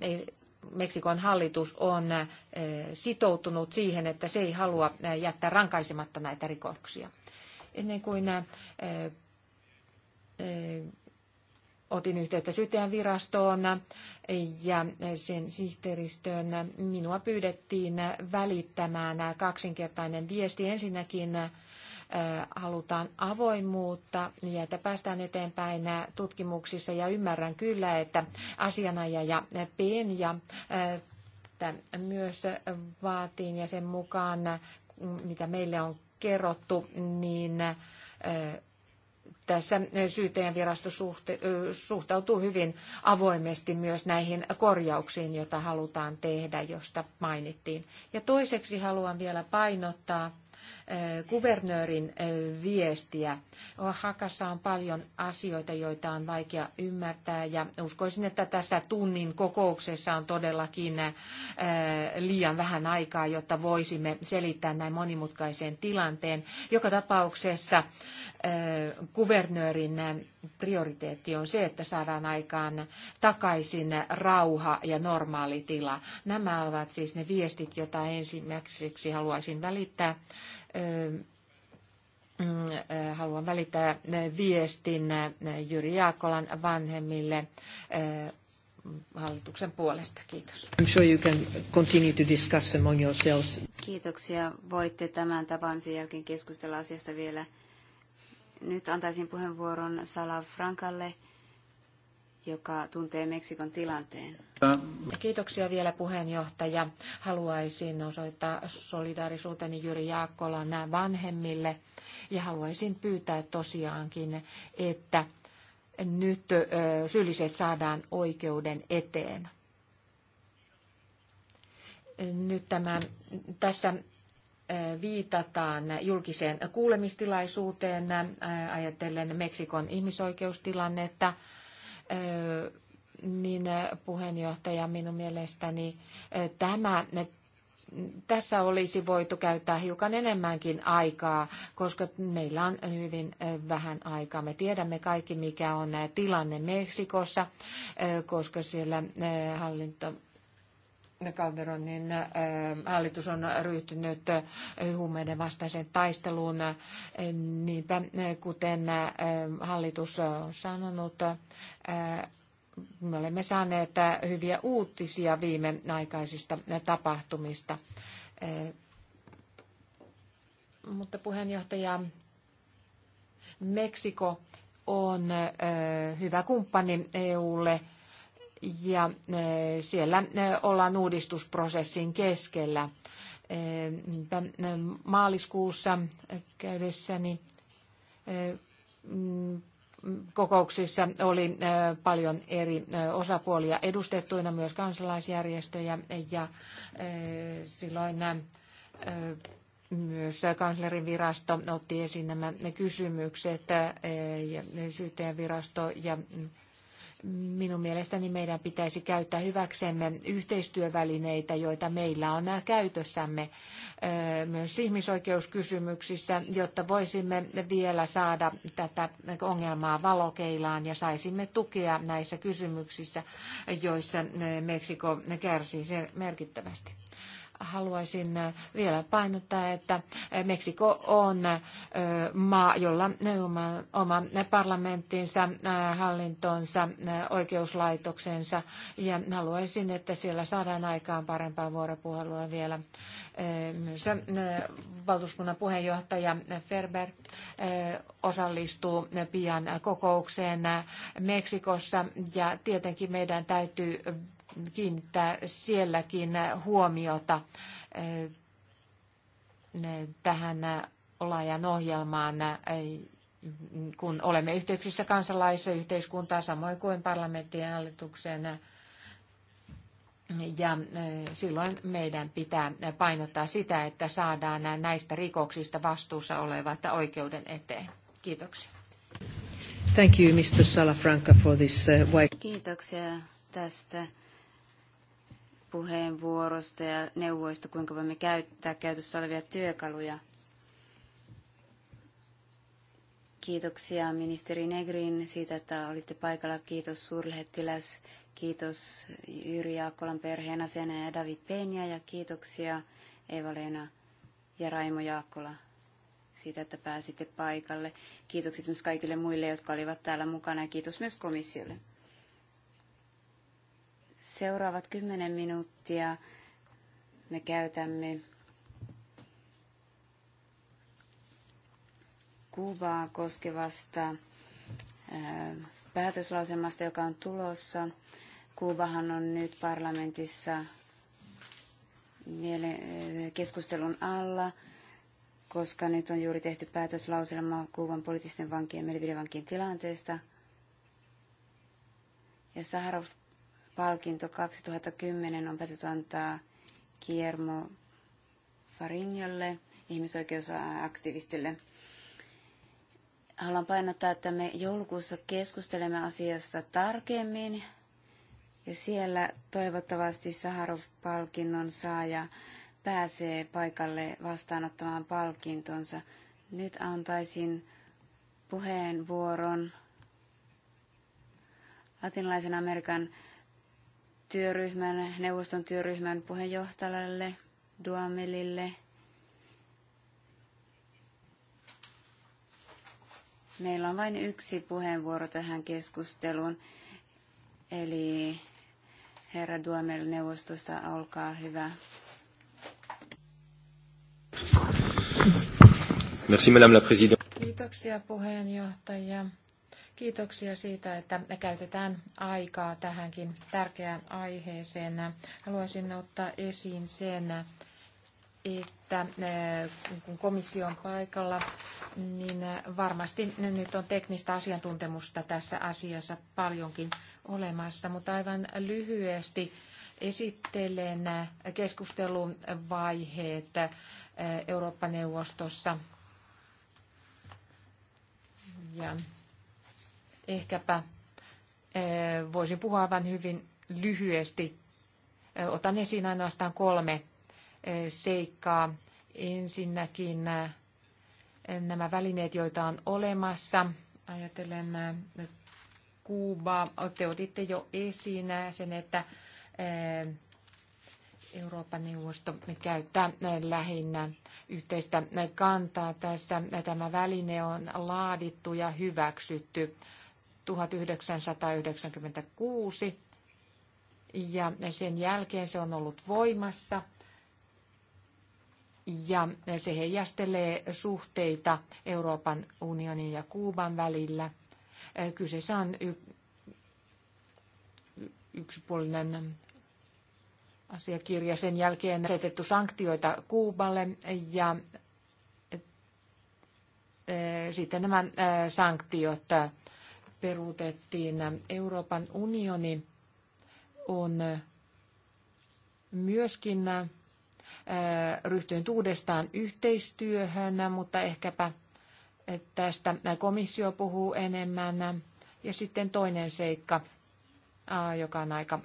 Meksikon hallitus on sitoutunut siihen, että se ei halua jättää rankaisematta näitä rikoksia. Ennen kuin otin yhteyttä syyttäjän virastoon ja sen sihteeristöön. Minua pyydettiin välittämään kaksinkertainen viesti. Ensinnäkin äh, halutaan avoimuutta ja että päästään eteenpäin tutkimuksissa ja ymmärrän kyllä, että asianajaja PEN ja äh, myös vaatiin ja sen mukaan, mm, mitä meille on kerrottu, niin äh, tässä syyteen virasto suhtautuu hyvin avoimesti myös näihin korjauksiin, joita halutaan tehdä, josta mainittiin. Ja toiseksi haluan vielä painottaa, Eh, kuvernöörin eh, viestiä. Oaxacassa on paljon asioita, joita on vaikea ymmärtää ja uskoisin, että tässä tunnin kokouksessa on todellakin eh, liian vähän aikaa, jotta voisimme selittää näin monimutkaisen tilanteen. Joka tapauksessa kuvernöörin prioriteetti on se, että saadaan aikaan takaisin rauha ja normaali tila. Nämä ovat siis ne viestit, joita ensimmäiseksi haluaisin välittää Mm, haluan välittää viestin Jyri Jaakolan vanhemmille hallituksen puolesta. Kiitos. I'm sure you can continue to discuss among yourselves. Kiitoksia. Voitte tämän tavan sen jälkeen keskustella asiasta vielä. Nyt antaisin puheenvuoron Sala Frankalle, joka tuntee Meksikon tilanteen. Äh. Kiitoksia vielä puheenjohtaja. Haluaisin osoittaa solidaarisuuteni Jyri Jaakkolan vanhemmille ja haluaisin pyytää tosiaankin, että nyt äh, syylliset saadaan oikeuden eteen. Nyt tämä, tässä äh, viitataan julkiseen kuulemistilaisuuteen ajatellen Meksikon ihmisoikeustilannetta niin puheenjohtaja, minun mielestäni tämä tässä olisi voitu käyttää hiukan enemmänkin aikaa, koska meillä on hyvin vähän aikaa. Me tiedämme kaikki, mikä on tilanne Meksikossa, koska siellä hallinto Calderonin ähm, hallitus on ryhtynyt äh, huumeiden vastaiseen taisteluun, äh, niinpä äh, kuten hallitus on sanonut, me olemme saaneet hyviä uutisia aikaisista tapahtumista. Mutta puheenjohtaja, Meksiko on hyvä kumppani EUlle – ja eh, siellä eh, ollaan uudistusprosessin keskellä. Eh, maaliskuussa käydessäni mm, kokouksissa oli paljon eri osapuolia edustettuina, myös kansalaisjärjestöjä ja silloin myös kanslerin virasto otti esiin nämä kysymykset ja syyttäjän virasto ja Minun mielestäni meidän pitäisi käyttää hyväksemme yhteistyövälineitä, joita meillä on käytössämme myös ihmisoikeuskysymyksissä, jotta voisimme vielä saada tätä ongelmaa valokeilaan ja saisimme tukea näissä kysymyksissä, joissa Meksiko kärsii merkittävästi haluaisin vielä painottaa, että Meksiko on maa, jolla oma, oma parlamenttinsa, hallintonsa, oikeuslaitoksensa ja haluaisin, että siellä saadaan aikaan parempaa vuoropuhelua vielä. Myös valtuuskunnan puheenjohtaja Ferber osallistuu pian kokoukseen Meksikossa ja tietenkin meidän täytyy kiinnittää sielläkin huomiota eh, tähän Olajan ohjelmaan, eh, kun olemme yhteyksissä kansalaisyhteiskuntaa samoin kuin parlamentin ja hallituksen. Ja eh, silloin meidän pitää painottaa sitä, että saadaan näistä rikoksista vastuussa olevat oikeuden eteen. Kiitoksia. Thank you, Mr. Salafranca, for this, uh, Kiitoksia tästä puheenvuorosta ja neuvoista, kuinka voimme käyttää käytössä olevia työkaluja. Kiitoksia ministeri Negrin siitä, että olitte paikalla. Kiitos suurlähettiläs. Kiitos Jyri Jaakkolan asena ja David Penja ja kiitoksia Eva-Leena ja Raimo Jaakkola siitä, että pääsitte paikalle. Kiitokset myös kaikille muille, jotka olivat täällä mukana ja kiitos myös komissiolle. Seuraavat kymmenen minuuttia me käytämme Kuubaa koskevasta päätöslausemasta, joka on tulossa. Kuubahan on nyt parlamentissa keskustelun alla, koska nyt on juuri tehty päätöslauselma Kuuban poliittisten vankien, mielipidevankien tilanteesta. Ja Saharov palkinto 2010 on päätetty antaa Kiermo Farinjalle, ihmisoikeusaktivistille. Haluan painottaa, että me joulukuussa keskustelemme asiasta tarkemmin ja siellä toivottavasti Saharov-palkinnon saaja pääsee paikalle vastaanottamaan palkintonsa. Nyt antaisin puheenvuoron latinalaisen Amerikan työryhmän, neuvoston työryhmän puheenjohtajalle Duamelille. Meillä on vain yksi puheenvuoro tähän keskusteluun, eli herra Duamel neuvostosta, olkaa hyvä. Merci, madame la présidente. Kiitoksia puheenjohtaja. Kiitoksia siitä, että käytetään aikaa tähänkin tärkeään aiheeseen. Haluaisin ottaa esiin sen, että eh, kun komission on paikalla, niin varmasti nyt on teknistä asiantuntemusta tässä asiassa paljonkin olemassa, mutta aivan lyhyesti esittelen keskustelun vaiheet eh, Eurooppa-neuvostossa. Ja Ehkäpä eh, voisin puhua aivan hyvin lyhyesti. Eh, otan esiin ainoastaan kolme eh, seikkaa. Ensinnäkin nämä välineet, joita on olemassa. Ajatellen Kuubaa. Te otitte jo esiin sen, että Euroopan neuvosto käyttää lähinnä yhteistä kantaa tässä. Tämä väline on laadittu ja hyväksytty 1996 ja sen jälkeen se on ollut voimassa ja se heijastelee suhteita Euroopan unionin ja Kuuban välillä. Kyseessä on yksipuolinen asiakirja. Sen jälkeen asetettu sanktioita Kuuballe ja e, sitten nämä e, sanktiot peruutettiin. Euroopan unioni on myöskin ryhtynyt uudestaan yhteistyöhön, mutta ehkäpä tästä komissio puhuu enemmän. Ja sitten toinen seikka, joka on aika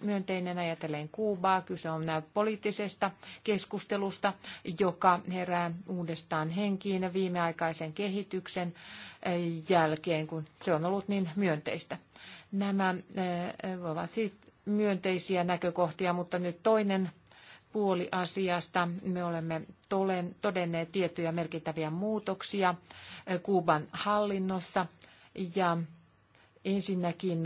myönteinen ajatellen Kuubaa. Kyse on poliittisesta keskustelusta, joka herää uudestaan henkiin viimeaikaisen kehityksen jälkeen, kun se on ollut niin myönteistä. Nämä ovat siis myönteisiä näkökohtia, mutta nyt toinen puoli asiasta. Me olemme todenneet tiettyjä merkittäviä muutoksia Kuuban hallinnossa ja ensinnäkin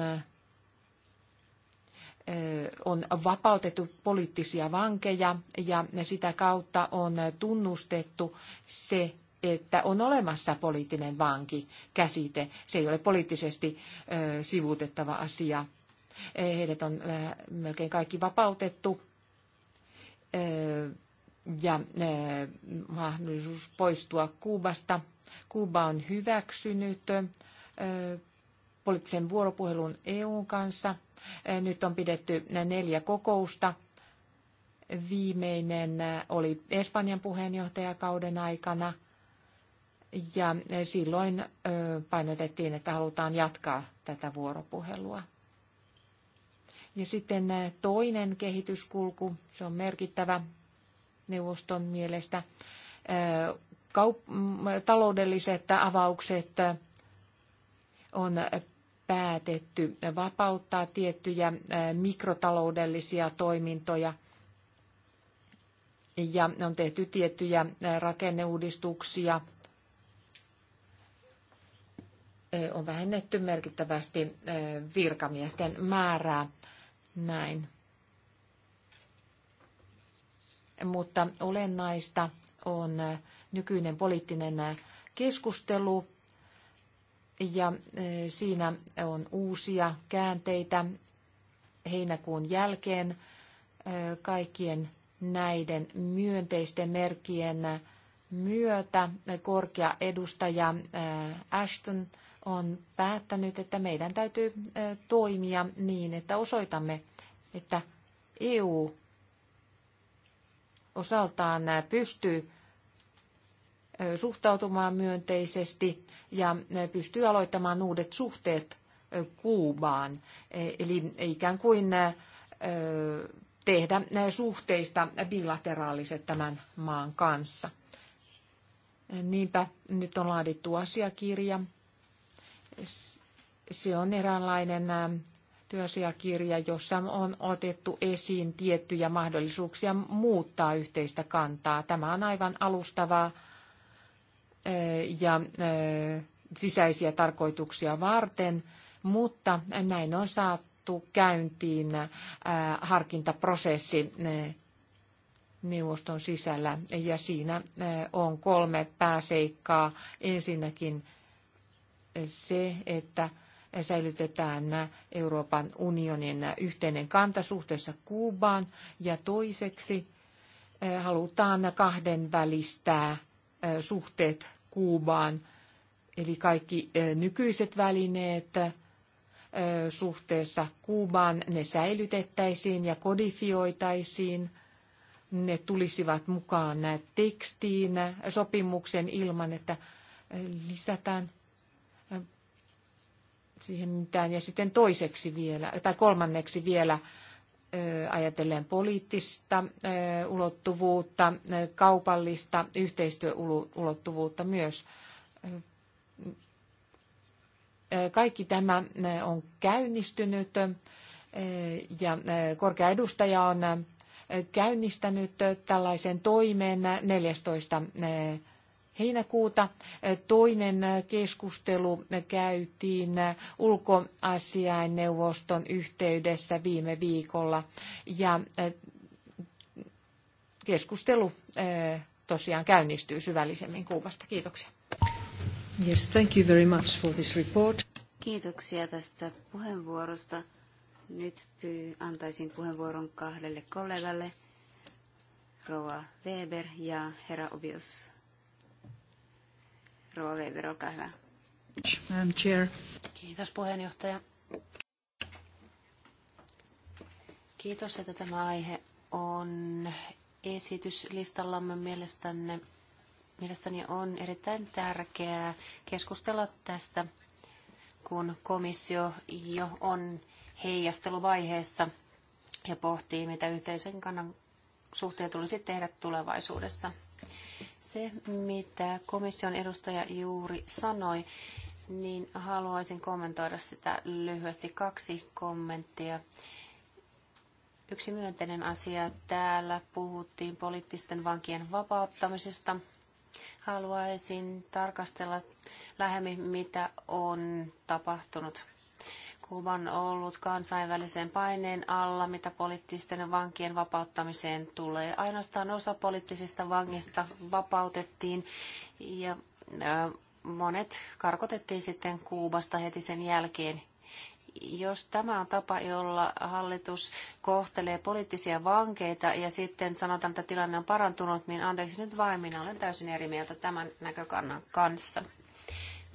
Eh, on vapautettu poliittisia vankeja ja sitä kautta on tunnustettu se, että on olemassa poliittinen vanki käsite. Se ei ole poliittisesti eh, sivuutettava asia. Eh, heidät on melkein kaikki vapautettu ja mahdollisuus poistua Kuubasta. Kuuba on hyväksynyt poliittisen vuoropuhelun EUn kanssa – nyt on pidetty neljä kokousta. Viimeinen oli Espanjan puheenjohtajakauden aikana. Ja silloin painotettiin, että halutaan jatkaa tätä vuoropuhelua. Ja sitten toinen kehityskulku, se on merkittävä neuvoston mielestä, kaup- taloudelliset avaukset on päätetty vapauttaa tiettyjä mikrotaloudellisia toimintoja ja on tehty tiettyjä rakenneuudistuksia. On vähennetty merkittävästi virkamiesten määrää näin. Mutta olennaista on nykyinen poliittinen keskustelu ja e, siinä on uusia käänteitä heinäkuun jälkeen e, kaikkien näiden myönteisten merkkien myötä korkea edustaja e, Ashton on päättänyt, että meidän täytyy toimia niin, että osoitamme, että EU osaltaan pystyy suhtautumaan myönteisesti ja pystyy aloittamaan uudet suhteet Kuubaan. E, eli ikään kuin tehdä suhteista bilateraaliset tämän maan kanssa. Niinpä nyt on laadittu asiakirja. Se on eräänlainen työasiakirja, jossa on otettu esiin tiettyjä mahdollisuuksia muuttaa yhteistä kantaa. Tämä on aivan alustavaa Eh, ja eh, sisäisiä tarkoituksia varten, mutta näin on saatu käyntiin eh, harkintaprosessi neuvoston sisällä ja siinä on kolme pääseikkaa. Ensinnäkin se, että säilytetään Euroopan unionin yhteinen kanta suhteessa Kuubaan ja toiseksi halutaan kahden välistää suhteet Kuubaan, eli kaikki nykyiset välineet suhteessa Kuubaan, ne säilytettäisiin ja kodifioitaisiin. Ne tulisivat mukaan tekstiin sopimuksen ilman, että lisätään siihen mitään. Ja sitten toiseksi vielä, tai kolmanneksi vielä ajatellen poliittista ulottuvuutta, kaupallista yhteistyöulottuvuutta myös. Kaikki tämä on käynnistynyt ja korkea edustaja on käynnistänyt tällaisen toimen 14 heinäkuuta. Toinen keskustelu käytiin ulkoasiainneuvoston yhteydessä viime viikolla ja keskustelu tosiaan käynnistyy syvällisemmin Kuubasta. Kiitoksia. Yes, thank you very much for this report. Kiitoksia tästä puheenvuorosta. Nyt pyy, antaisin puheenvuoron kahdelle kollegalle, rouva Weber ja herra Obios. Rova Weber, olkaa hyvä. Madam Chair. Kiitos puheenjohtaja. Kiitos, että tämä aihe on esityslistallamme mielestänne. Mielestäni on erittäin tärkeää keskustella tästä, kun komissio jo on heijasteluvaiheessa ja pohtii, mitä yhteisen kannan suhteen tulisi tehdä tulevaisuudessa. Se, mitä komission edustaja juuri sanoi, niin haluaisin kommentoida sitä lyhyesti kaksi kommenttia. Yksi myönteinen asia täällä puhuttiin poliittisten vankien vapauttamisesta. Haluaisin tarkastella lähemmin, mitä on tapahtunut Kuuba on ollut kansainvälisen paineen alla, mitä poliittisten vankien vapauttamiseen tulee. Ainoastaan osa poliittisista vangista vapautettiin ja monet karkotettiin sitten Kuubasta heti sen jälkeen. Jos tämä on tapa, jolla hallitus kohtelee poliittisia vankeita ja sitten sanotaan, että tilanne on parantunut, niin anteeksi nyt vain, minä olen täysin eri mieltä tämän näkökannan kanssa.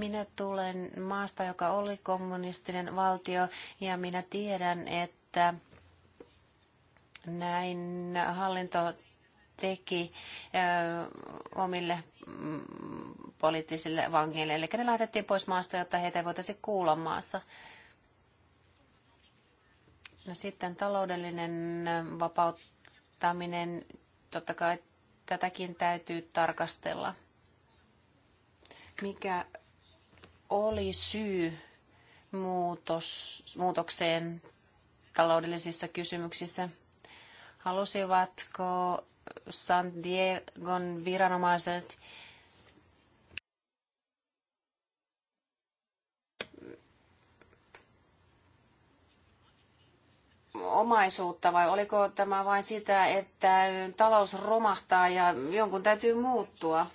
Minä tulen maasta, joka oli kommunistinen valtio, ja minä tiedän, että näin hallinto teki omille mm, poliittisille vangeille. Eli ne laitettiin pois maasta, jotta heitä ei voitaisiin kuulla maassa. No sitten taloudellinen vapauttaminen, totta kai tätäkin täytyy tarkastella. Mikä oli syy muutos, muutokseen taloudellisissa kysymyksissä? Halusivatko San Diegon viranomaiset omaisuutta vai oliko tämä vain sitä, että talous romahtaa ja jonkun täytyy muuttua?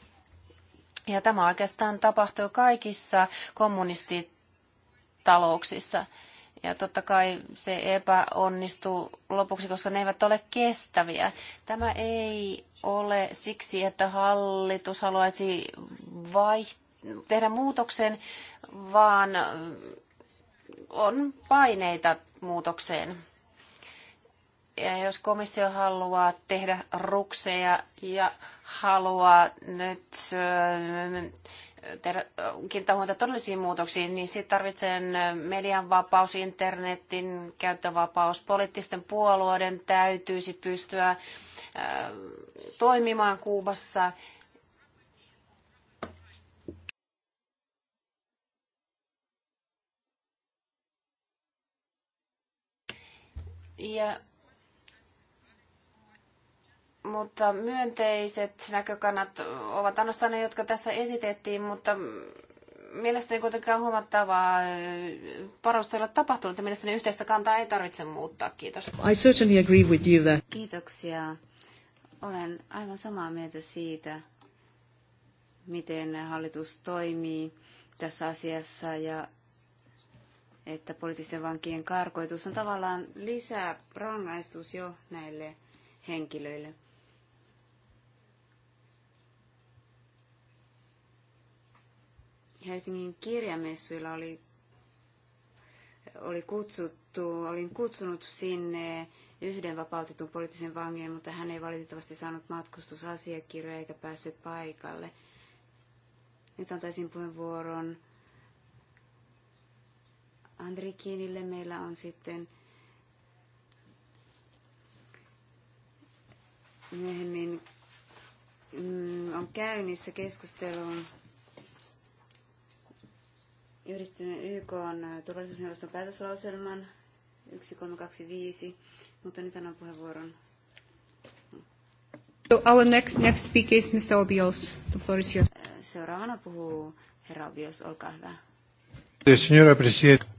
Ja tämä oikeastaan tapahtui kaikissa kommunistitalouksissa. Ja totta kai se epäonnistuu lopuksi, koska ne eivät ole kestäviä. Tämä ei ole siksi, että hallitus haluaisi vaiht- tehdä muutoksen, vaan on paineita muutokseen. Ja jos komissio haluaa tehdä rukseja ja haluaa nyt tehdä, kiinnittää huomiota todellisiin muutoksiin, niin sitten tarvitsee median vapaus, internetin käyttövapaus, poliittisten puolueiden täytyisi pystyä toimimaan Kuubassa. Ja mutta myönteiset näkökannat ovat ainoastaan ne, jotka tässä esitettiin, mutta mielestäni kuitenkaan huomattavaa parasta ei ole tapahtunut että mielestäni yhteistä kantaa ei tarvitse muuttaa. Kiitos. I certainly agree with you that... Kiitoksia. Olen aivan samaa mieltä siitä, miten hallitus toimii tässä asiassa ja että poliittisten vankien karkoitus on tavallaan lisää rangaistus jo näille henkilöille. Helsingin kirjamessuilla oli, oli kutsuttu, olin kutsunut sinne yhden vapautetun poliittisen vangin, mutta hän ei valitettavasti saanut matkustusasiakirjoja eikä päässyt paikalle. Nyt antaisin puheenvuoron Andri Kiinille. Meillä on sitten myöhemmin mm, on käynnissä keskustelun yhdistyneen YK on äh, turvallisuusneuvoston päätöslauselman 1325, mutta nyt annan puheenvuoron. So our next, next speaker is Mr. Obios. The floor is yours. Äh, seuraavana puhuu herra Obios, olkaa hyvä.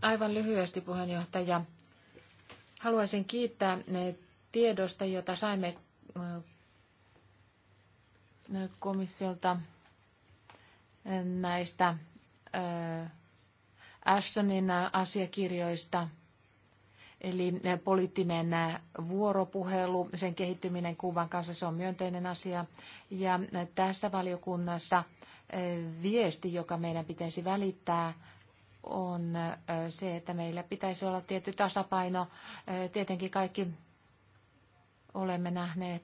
Aivan lyhyesti puheenjohtaja. Haluaisin kiittää ne tiedosta, jota saimme äh, komissiolta näistä Ashtonin asiakirjoista, eli poliittinen vuoropuhelu, sen kehittyminen Kuuban kanssa, se on myönteinen asia. Ja tässä valiokunnassa eh, viesti, joka meidän pitäisi välittää, on eh, se, että meillä pitäisi olla tietty tasapaino. Eh, tietenkin kaikki olemme nähneet,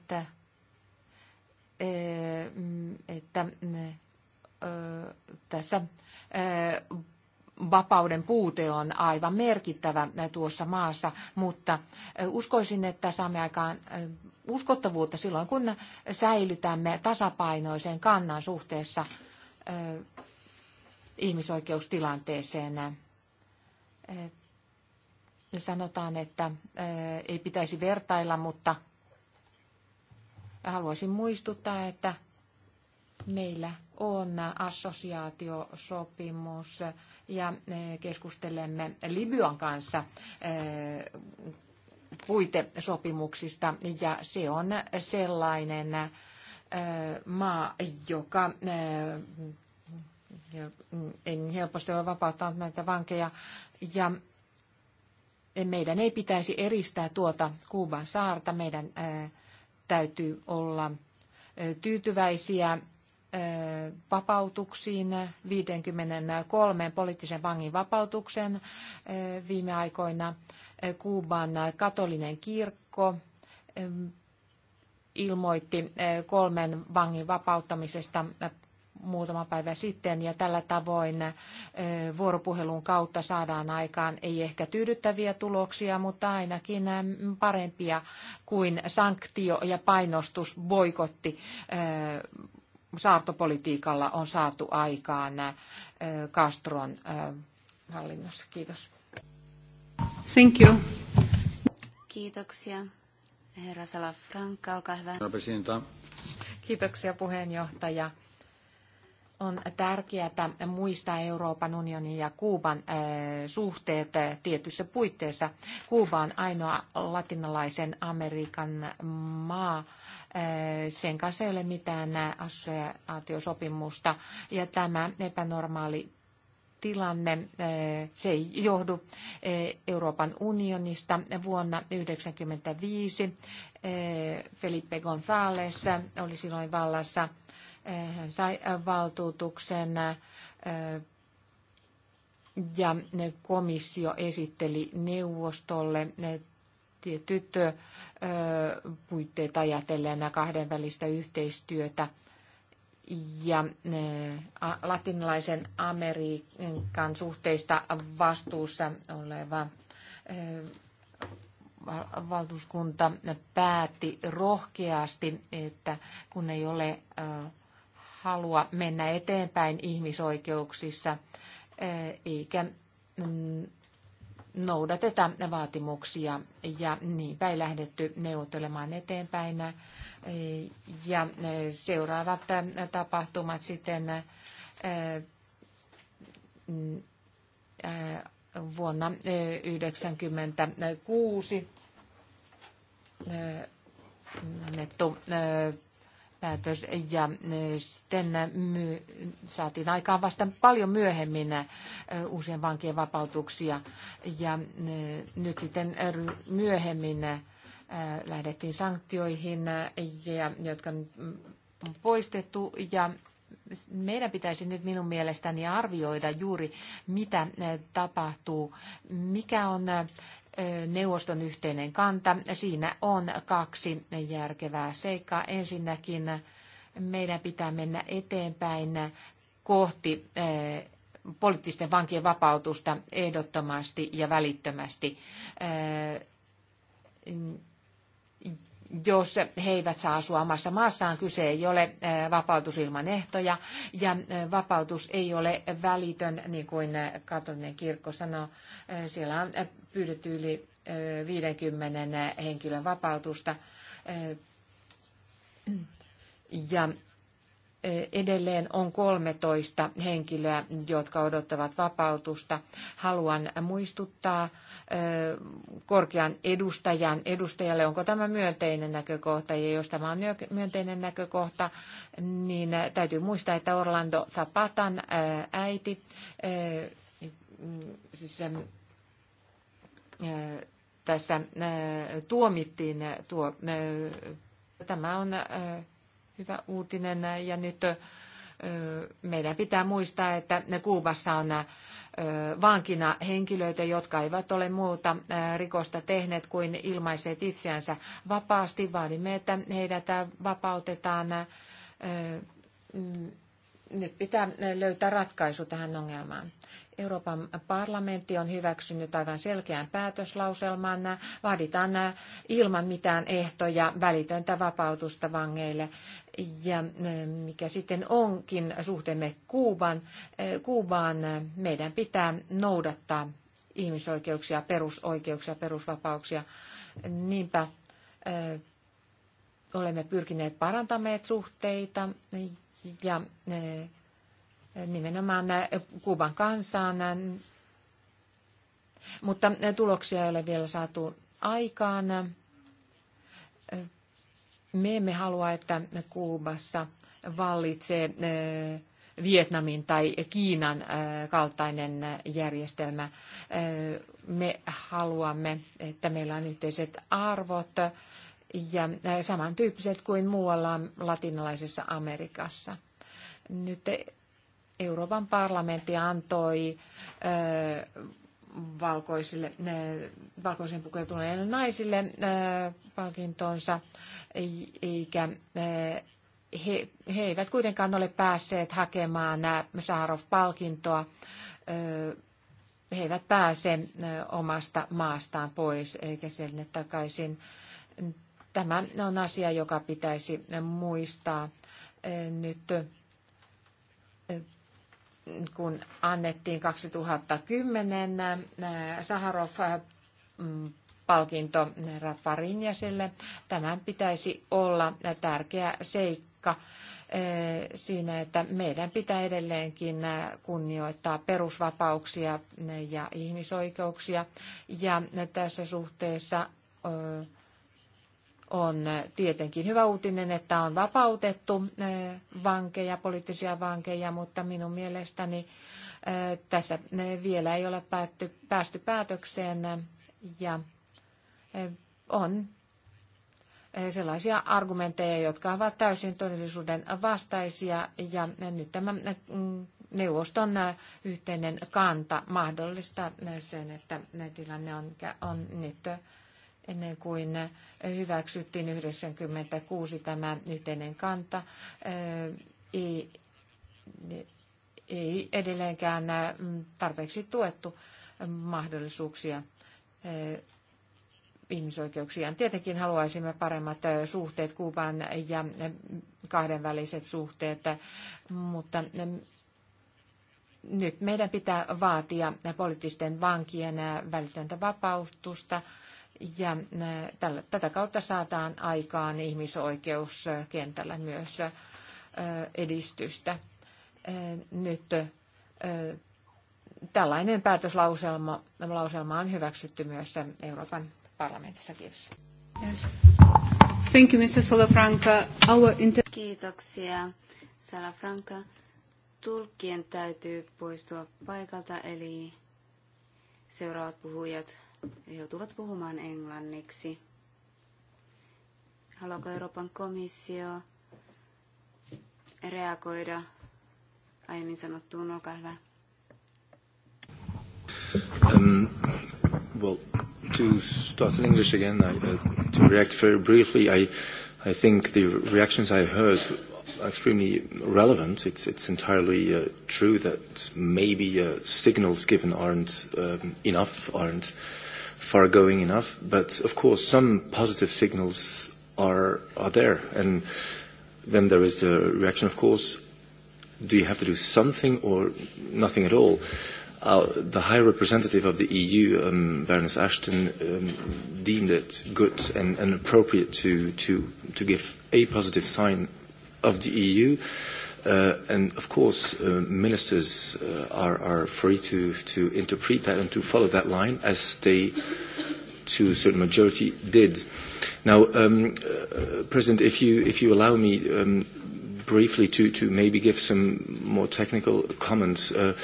mm, että, että tässä vapauden puute on aivan merkittävä tuossa maassa, mutta uskoisin, että saamme aikaan uskottavuutta silloin, kun säilytämme tasapainoisen kannan suhteessa ihmisoikeustilanteeseen. Sanotaan, että ei pitäisi vertailla, mutta haluaisin muistuttaa, että meillä – on assosiaatiosopimus ja eh, keskustelemme Libyan kanssa eh, puitesopimuksista ja se on sellainen eh, maa, joka mm, en helposti ole vapauttanut näitä vankeja ja meidän ei pitäisi eristää tuota Kuuban saarta. Meidän täytyy olla tyytyväisiä vapautuksiin, 53 poliittisen vangin vapautuksen viime aikoina. Kuuban katolinen kirkko ilmoitti kolmen vangin vapauttamisesta muutama päivä sitten ja tällä tavoin vuoropuhelun kautta saadaan aikaan ei ehkä tyydyttäviä tuloksia, mutta ainakin parempia kuin sanktio ja painostus boikotti saartopolitiikalla on saatu aikaan äh, Castron äh, hallinnossa. Kiitos. Thank you. Kiitoksia. Herra Salafranca, olkaa hyvä. Kiitoksia puheenjohtaja on tärkeää muistaa Euroopan unionin ja Kuuban eh, suhteet tietyissä puitteissa. Kuuba on ainoa latinalaisen Amerikan maa. Eh, sen kanssa ei ole mitään assosiaatiosopimusta ja tämä epänormaali tilanne. Eh, se ei johdu Euroopan unionista. Vuonna 1995 Felipe González oli silloin vallassa sai valtuutuksen ja komissio esitteli neuvostolle tietyt puitteet ajatellen kahdenvälistä yhteistyötä ja latinalaisen Amerikan suhteista vastuussa oleva valtuuskunta päätti rohkeasti, että kun ei ole halua mennä eteenpäin ihmisoikeuksissa e, eikä noudateta vaatimuksia ja niin päin lähdetty neuvottelemaan eteenpäin. E, ja seuraavat tapahtumat sitten e, vuonna 1996 annettu päätös ja e, sitten my, saatiin aikaan vasta paljon myöhemmin e, uusien vankien vapautuksia ja e, nyt sitten myöhemmin lähdettiin sanktioihin, ja, jotka on poistettu ja meidän pitäisi nyt minun mielestäni arvioida juuri, mitä tapahtuu, mikä on neuvoston yhteinen kanta. Siinä on kaksi järkevää seikkaa. Ensinnäkin meidän pitää mennä eteenpäin kohti poliittisten vankien vapautusta ehdottomasti ja välittömästi jos he eivät saa asua omassa maassaan, kyse ei ole eh, vapautus ilman ehtoja ja eh, vapautus ei ole välitön, niin kuin eh, katolinen kirkko sanoo. Siellä on pyydetty yli 50 henkilön vapautusta ja edelleen on 13 henkilöä, jotka odottavat vapautusta. Haluan muistuttaa korkean edustajan edustajalle, onko tämä myönteinen näkökohta. Ja jos tämä on myönteinen näkökohta, niin täytyy muistaa, että Orlando Zapatan äiti, siis tässä tuomittiin tuo, tämä on hyvä uutinen ja nyt meidän pitää muistaa, että Kuubassa on vankina henkilöitä, jotka eivät ole muuta rikosta tehneet kuin ilmaiseet itseänsä vapaasti. Vaadimme, että heidät vapautetaan nyt pitää eh, löytää ratkaisu tähän ongelmaan. Euroopan parlamentti on hyväksynyt aivan selkeän päätöslauselman. Vaaditaan eh, ilman mitään ehtoja välitöntä vapautusta vangeille. Ja eh, mikä sitten onkin suhteemme Kuuban, Kuubaan, meidän pitää noudattaa ihmisoikeuksia, perusoikeuksia, perusvapauksia. Niinpä olemme pyrkineet parantamaan suhteita ja e, nimenomaan e, Kuuban kansaan. Mutta e, tuloksia ei ole vielä saatu aikaan. Me emme halua, että Kuubassa vallitsee Vietnamin tai Kiinan kaltainen järjestelmä. Me haluamme, että meillä on yhteiset arvot ja samantyyppiset kuin muualla latinalaisessa Amerikassa. Nyt Euroopan parlamentti antoi valkoisille, valkoisen pukeutuneille naisille palkintonsa, eikä he, he eivät kuitenkaan ole päässeet hakemaan Saharov-palkintoa. He eivät pääse omasta maastaan pois eikä sinne takaisin. Tämä on asia, joka pitäisi muistaa nyt kun annettiin 2010 Saharov-palkinto Rafarinjaselle. Tämän pitäisi olla tärkeä seikka siinä, että meidän pitää edelleenkin kunnioittaa perusvapauksia ja ihmisoikeuksia. Ja tässä suhteessa on tietenkin hyvä uutinen, että on vapautettu eh, vankeja, poliittisia vankeja, mutta minun mielestäni eh, tässä eh, vielä ei ole päätty, päästy päätökseen ja on sellaisia argumentteja, jotka ovat täysin todellisuuden vastaisia ja nyt tämä mm, neuvoston yhteinen kanta mahdollistaa sen, että tilanne on, on nyt ennen kuin hyväksyttiin 96 tämä yhteinen kanta, ei, ei edelleenkään tarpeeksi tuettu mahdollisuuksia ihmisoikeuksiaan. Tietenkin haluaisimme paremmat suhteet Kuuban ja kahdenväliset suhteet, mutta nyt meidän pitää vaatia poliittisten vankien välitöntä vapautusta ja tällä, tätä kautta saataan aikaan ihmisoikeuskentällä myös edistystä. Nyt tällainen päätöslauselma on hyväksytty myös Euroopan parlamentissa. Kiitos. Thank you, Mr. Salafranca. Our inter- Kiitoksia, Salafranca. Tulkkien täytyy poistua paikalta, eli seuraavat puhujat he joutuvat puhumaan englanniksi. Haluaako Euroopan komissio reagoida aiemmin sanottuun? Olkaa hyvä. Um, well, to start in English again, I, uh, to react very briefly, I, I think the reactions I heard are extremely relevant. It's, it's entirely uh, true that maybe uh, signals given aren't um, enough, aren't far going enough. But of course, some positive signals are are there, and then there is the reaction. Of course, do you have to do something or nothing at all? Uh, the High Representative of the EU, um, Baroness Ashton, um, deemed it good and, and appropriate to, to, to give a positive sign of the EU. Uh, Uh, and of course, uh, ministers uh, are, are free to, to interpret that and to follow that line as they, to a certain majority, did. Now, um, uh, President, if you, if you allow me um, briefly to, to maybe give some more technical comments. Uh,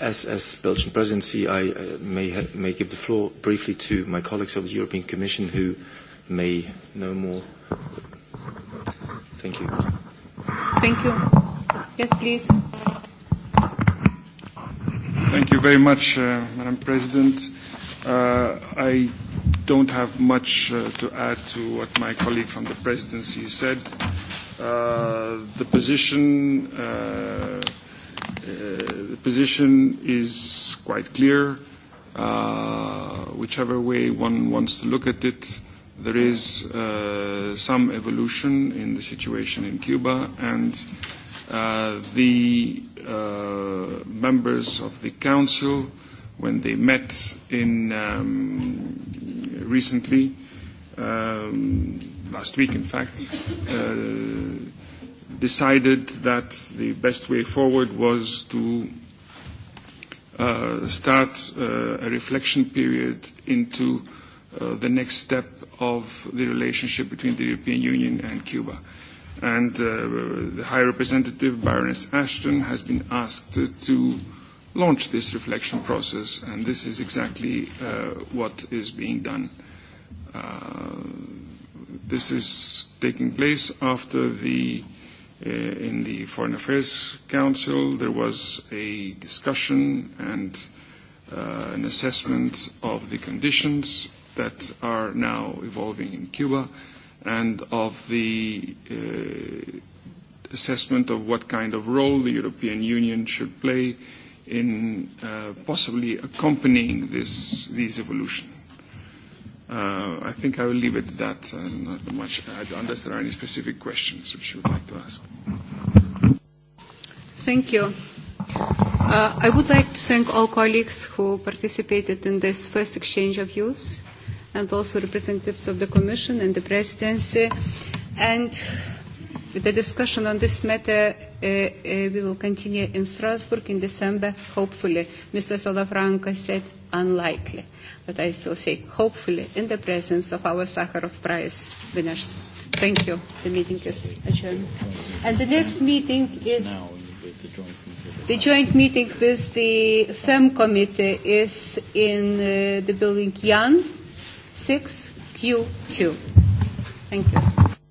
as, as Belgian presidency, I uh, may, ha- may give the floor briefly to my colleagues of the European Commission who may know more. Thank you. Thank you. Yes, please. Thank you very much, uh, Madam President. Uh, I don't have much uh, to add to what my colleague from the presidency said. Uh, the position uh, Uh, the position is quite clear, uh, whichever way one wants to look at it. There is uh, some evolution in the situation in Cuba, and uh, the uh, members of the council, when they met in um, recently, um, last week in fact, uh, decided that the best way forward was to uh, start uh, a reflection period into uh, the next step of the relationship between the European Union and Cuba. And uh, the High Representative Baroness Ashton has been asked to launch this reflection process, and this is exactly uh, what is being done. Uh, this is taking place after the uh, in the Foreign Affairs Council there was a discussion and uh, an assessment of the conditions that are now evolving in Cuba and of the uh, assessment of what kind of role the European Union should play in uh, possibly accompanying this, these evolution. Uh, I think I will leave it at that, uh, not much, unless there are any specific questions which you would like to ask. Thank you. Uh, I would like to thank all colleagues who participated in this first exchange of views and also representatives of the Commission and the Presidency. And the discussion on this matter uh, uh, we will continue in Strasbourg in December, hopefully. Mr. Salafranca said unlikely, but I still say hopefully in the presence of our Sakharov Prize winners. Thank you. The meeting is adjourned. And the next meeting is... The joint meeting with the FEM committee is in uh, the building Jan. 6Q2. Thank you.